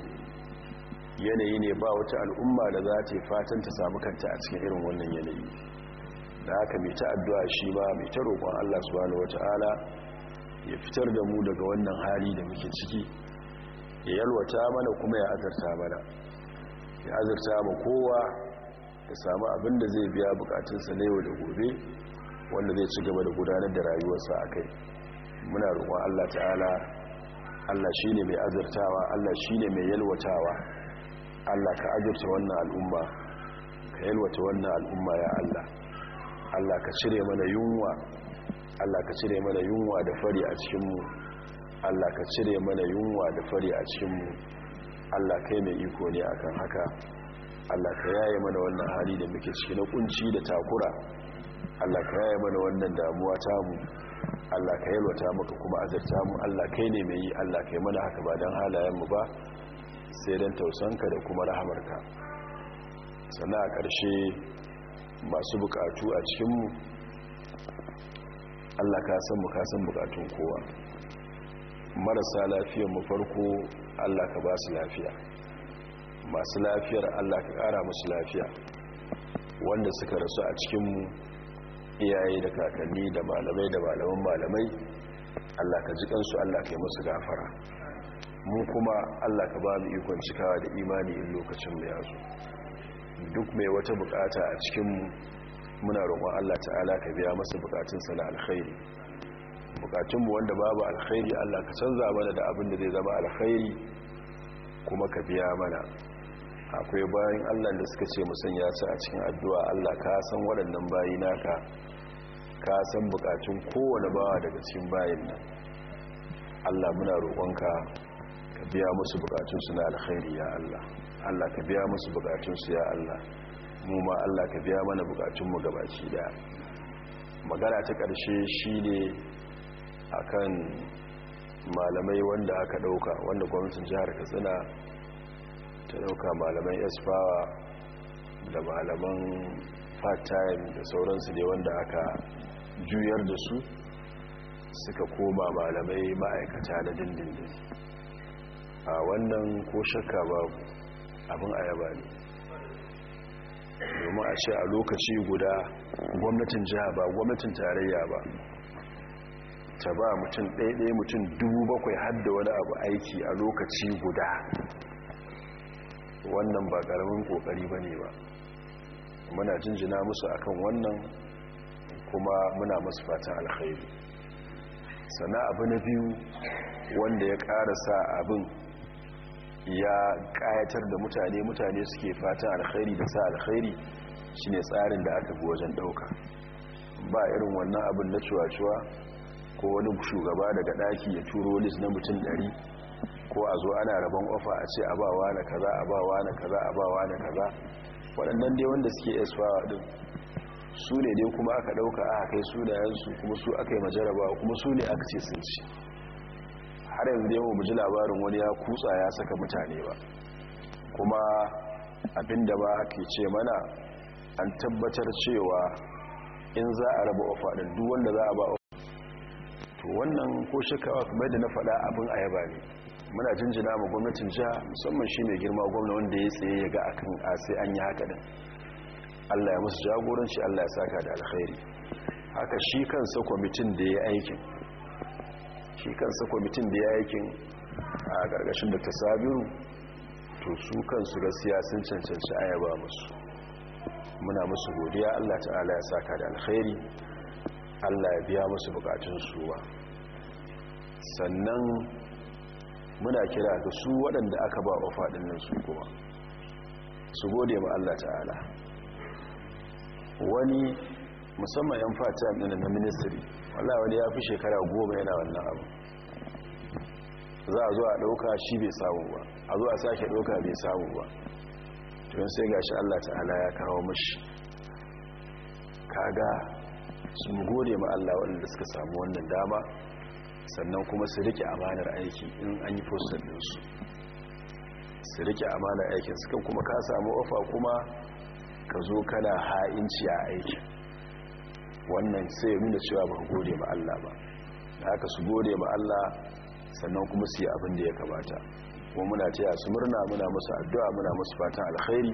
yanayi ne ba wata al'umma da za ta yi fatan ta samu kanta a cikin irin wannan yanayi da haka mai ta addu'a shi ba mai ta roƙon Allah subhanahu wata'ala ya fitar da mu daga wannan hali da muke ciki ya yalwata mana kuma ya azarta mana ya azarta ma kowa ya samu abin da zai biya bukatunsa na yau da gobe wanda zai ci gaba da gudanar da rayuwarsa a kai muna roƙon allah ta'ala allah shi ne mai azurtawa allah shi ne mai yalwatawa allah ka azurta wannan al'umma ka yalwata wannan al'umma ya allah allah ka cire mana yunwa allah ka cire mana yunwa da fari a cikinmu allah ka cire mana yunwa da fari a cikinmu allah kai mai iko ne akan haka Allah ka yaye mana wannan hali da muke ciki na kunci da takura Allah ka yaye mana wannan damuwa ta mu Allah ka yalwata maka kuma azarta mu Allah kai ne mai yi Allah kai mana haka ba dan halayen mu ba sai don tausanka da kuma rahamarka sannan a ƙarshe masu bukatu a cikinmu Allah ka san mu ka san bukatun kowa marasa lafiyar mu farko Allah ka ba su lafiya masu lafiyar allah ka ƙara musu lafiya wanda suka rasu a cikinmu iyaye da kakanni da malamai da malaman malamai allah ka ji kansu allah ka yi musu gafara mu kuma allah ka ba mu ikon cikawa da imani in lokacin mu ya duk mai wata bukata a cikinmu muna roƙon allah ta'ala ka biya masa sa na alkhairi bukatunmu wanda babu alkhairi allah ka canza mana da abin da zai zama alkhairi kuma ka biya mana akwai bayan allah da suka ce ya su a cikin addu'a allah ka san waɗannan bayi naka ka san bukatun kowane bawa daga cikin bayin nan allah muna roƙonka ka biya musu bukatunsu na alkhairi ya allah allah ka biya musu bukatunsu ya allah mu ma allah ka biya mana bukatunmu gabaci da magana ta ƙarshe shi ne a kan malamai wanda aka ɗauka wanda gwamnatin jihar katsina ta dauka malaman esfawa da malaman part-time da sauransu ne wanda aka juyar da su suka koma malamai ma'aikata na dindindin a wannan ko shakka babu abin ayaba ne domin a ce a lokaci guda gwamnatin jiha ba gwamnatin tarayya ba ta ba mutum ɗaiɗe mutum dubu bakwai hadda wani abu aiki a lokaci guda wannan ba ƙaramin ƙoƙari ba ne ba muna jinjina musu a kan wannan kuma muna musu fatan alkhairi sana abu na biyu wanda ya sa abin ya ƙayatar da mutane mutane suke fatan alkhairi da sa alkhairi shine tsarin da aka fi wajen ɗauka ba irin wannan abin na cuwa-cuwa ko wani shugaba daga ɗaki ya turo lis na mutum ɗari ko a zo ana rabon ofa a ce abawa na kaza abawa na kaza abawa na kaza waɗannan dai wanda suke esfawa ɗin su ne dai kuma aka ɗauka aka kai sunayensu kuma su aka yi majaraba kuma su ne aka ce sun ci har yanzu dai mu ji labarin wani ya kutsa ya saka mutane ba kuma abinda ba ke ce mana an tabbatar cewa in za a raba ofa ɗin duk wanda za a ba to wannan ko shakawa kamar da na faɗa abin a yaba ne muna jinjina ma gwamnatin jiha musamman shi mai girma gwamna wanda ya tsaye ya ga akan a sai an yi haka din allah ya musu jagoranci allah ya saka da alkhairi haka shi kansa kwamitin da ya aikin shi kansa kwamitin da ya aikin a ƙarƙashin da ta sabiru to su kansu gaskiya sun cancanci ayaba musu muna musu godiya allah ta'ala ya saka da alkhairi allah ya biya musu bukatun suwa sannan muna kira ga su waɗanda aka ba wa faɗin nan su kuma su gode ma Allah ta'ala wani musamman yan fata ɗin na ministry wallah wani ya fi shekara goma yana wannan abu za a zo a ɗauka shi bai samu ba a zo a sake ɗauka bai samu ba tun sai gashi Allah ta'ala ya kawo mashi kaga sun gode ma Allah waɗanda suka samu wannan dama sannan kuma su rike amanar aiki in an yi postal su rike amanar aikin sukan kuma ka samu ofa kuma ka zo kana ha'inci a aiki wannan sai ya nuna cewa ba gode ma Allah ba da haka su gode ma Allah sannan kuma su yi abin da ya kamata kuma muna taya su murna muna musu addu'a muna musu fatan alkhairi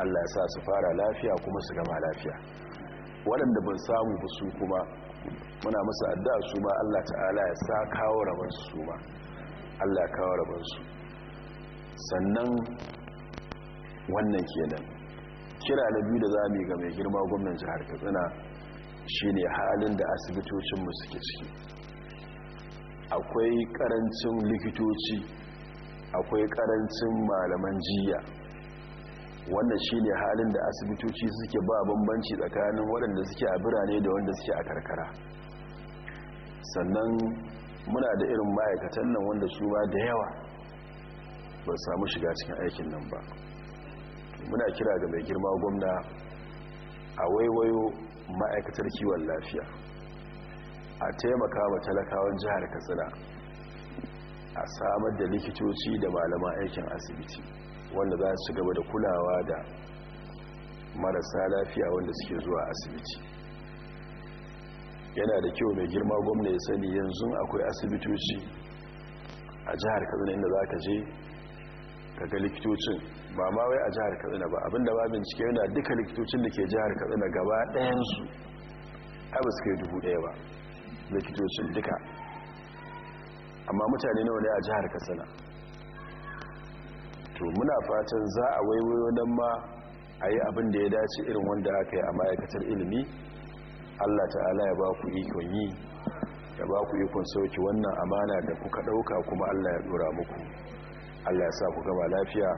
Allah ya sa su fara lafiya kuma su gama lafiya waɗanda ban samu ba su kuma muna masa addu'a su ma Allah ta'ala ya sa kawo rabon su ma Allah ya kawo rabon su sannan wannan kenan kira na biyu da za mu yi ga mai girma gwamnan jihar Katsina shine halin da asibitocin mu suke ciki akwai karancin likitoci akwai karancin malaman jiya wannan shi ne halin da asibitoci suke ba bambanci tsakanin waɗanda suke a birane da wanda suke a karkara sannan muna da irin ma'aikatan nan wanda su ba da yawa ba samu shiga cikin aikin nan ba muna kira ga mai girma gwamna a waiwayo ma'aikatar kiwon lafiya a taimaka wa talakawan jihar katsina a samar da likitoci da malaman aikin asibiti wanda za su gaba da kulawa da marasa lafiya wanda suke zuwa asibiti yana da kyau mai girma gwamna ya sani yanzu akwai asibitoci a jihar kaduna inda za ka je ka ga likitocin ba ma wai a jihar kaduna ba abinda ba bincike yana duka likitocin da ke jihar kaduna gaba ɗayansu abis kai dubu ɗaya ba likitocin duka amma mutane nawa ne a jihar katsina to muna fatan za a waiwayo nan ma a yi abin da ya dace irin wanda aka yi a ma'aikatar ilimi allah ta'ala ya ba ku ikon yi ya ba ku ikon sauki wannan amana da kuka ɗauka kuma allah ya ɗora muku allah ya sa ku gama lafiya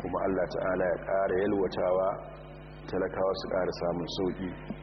kuma allah ta'ala ya ƙara yalwatawa talakawa su ƙara samun sauki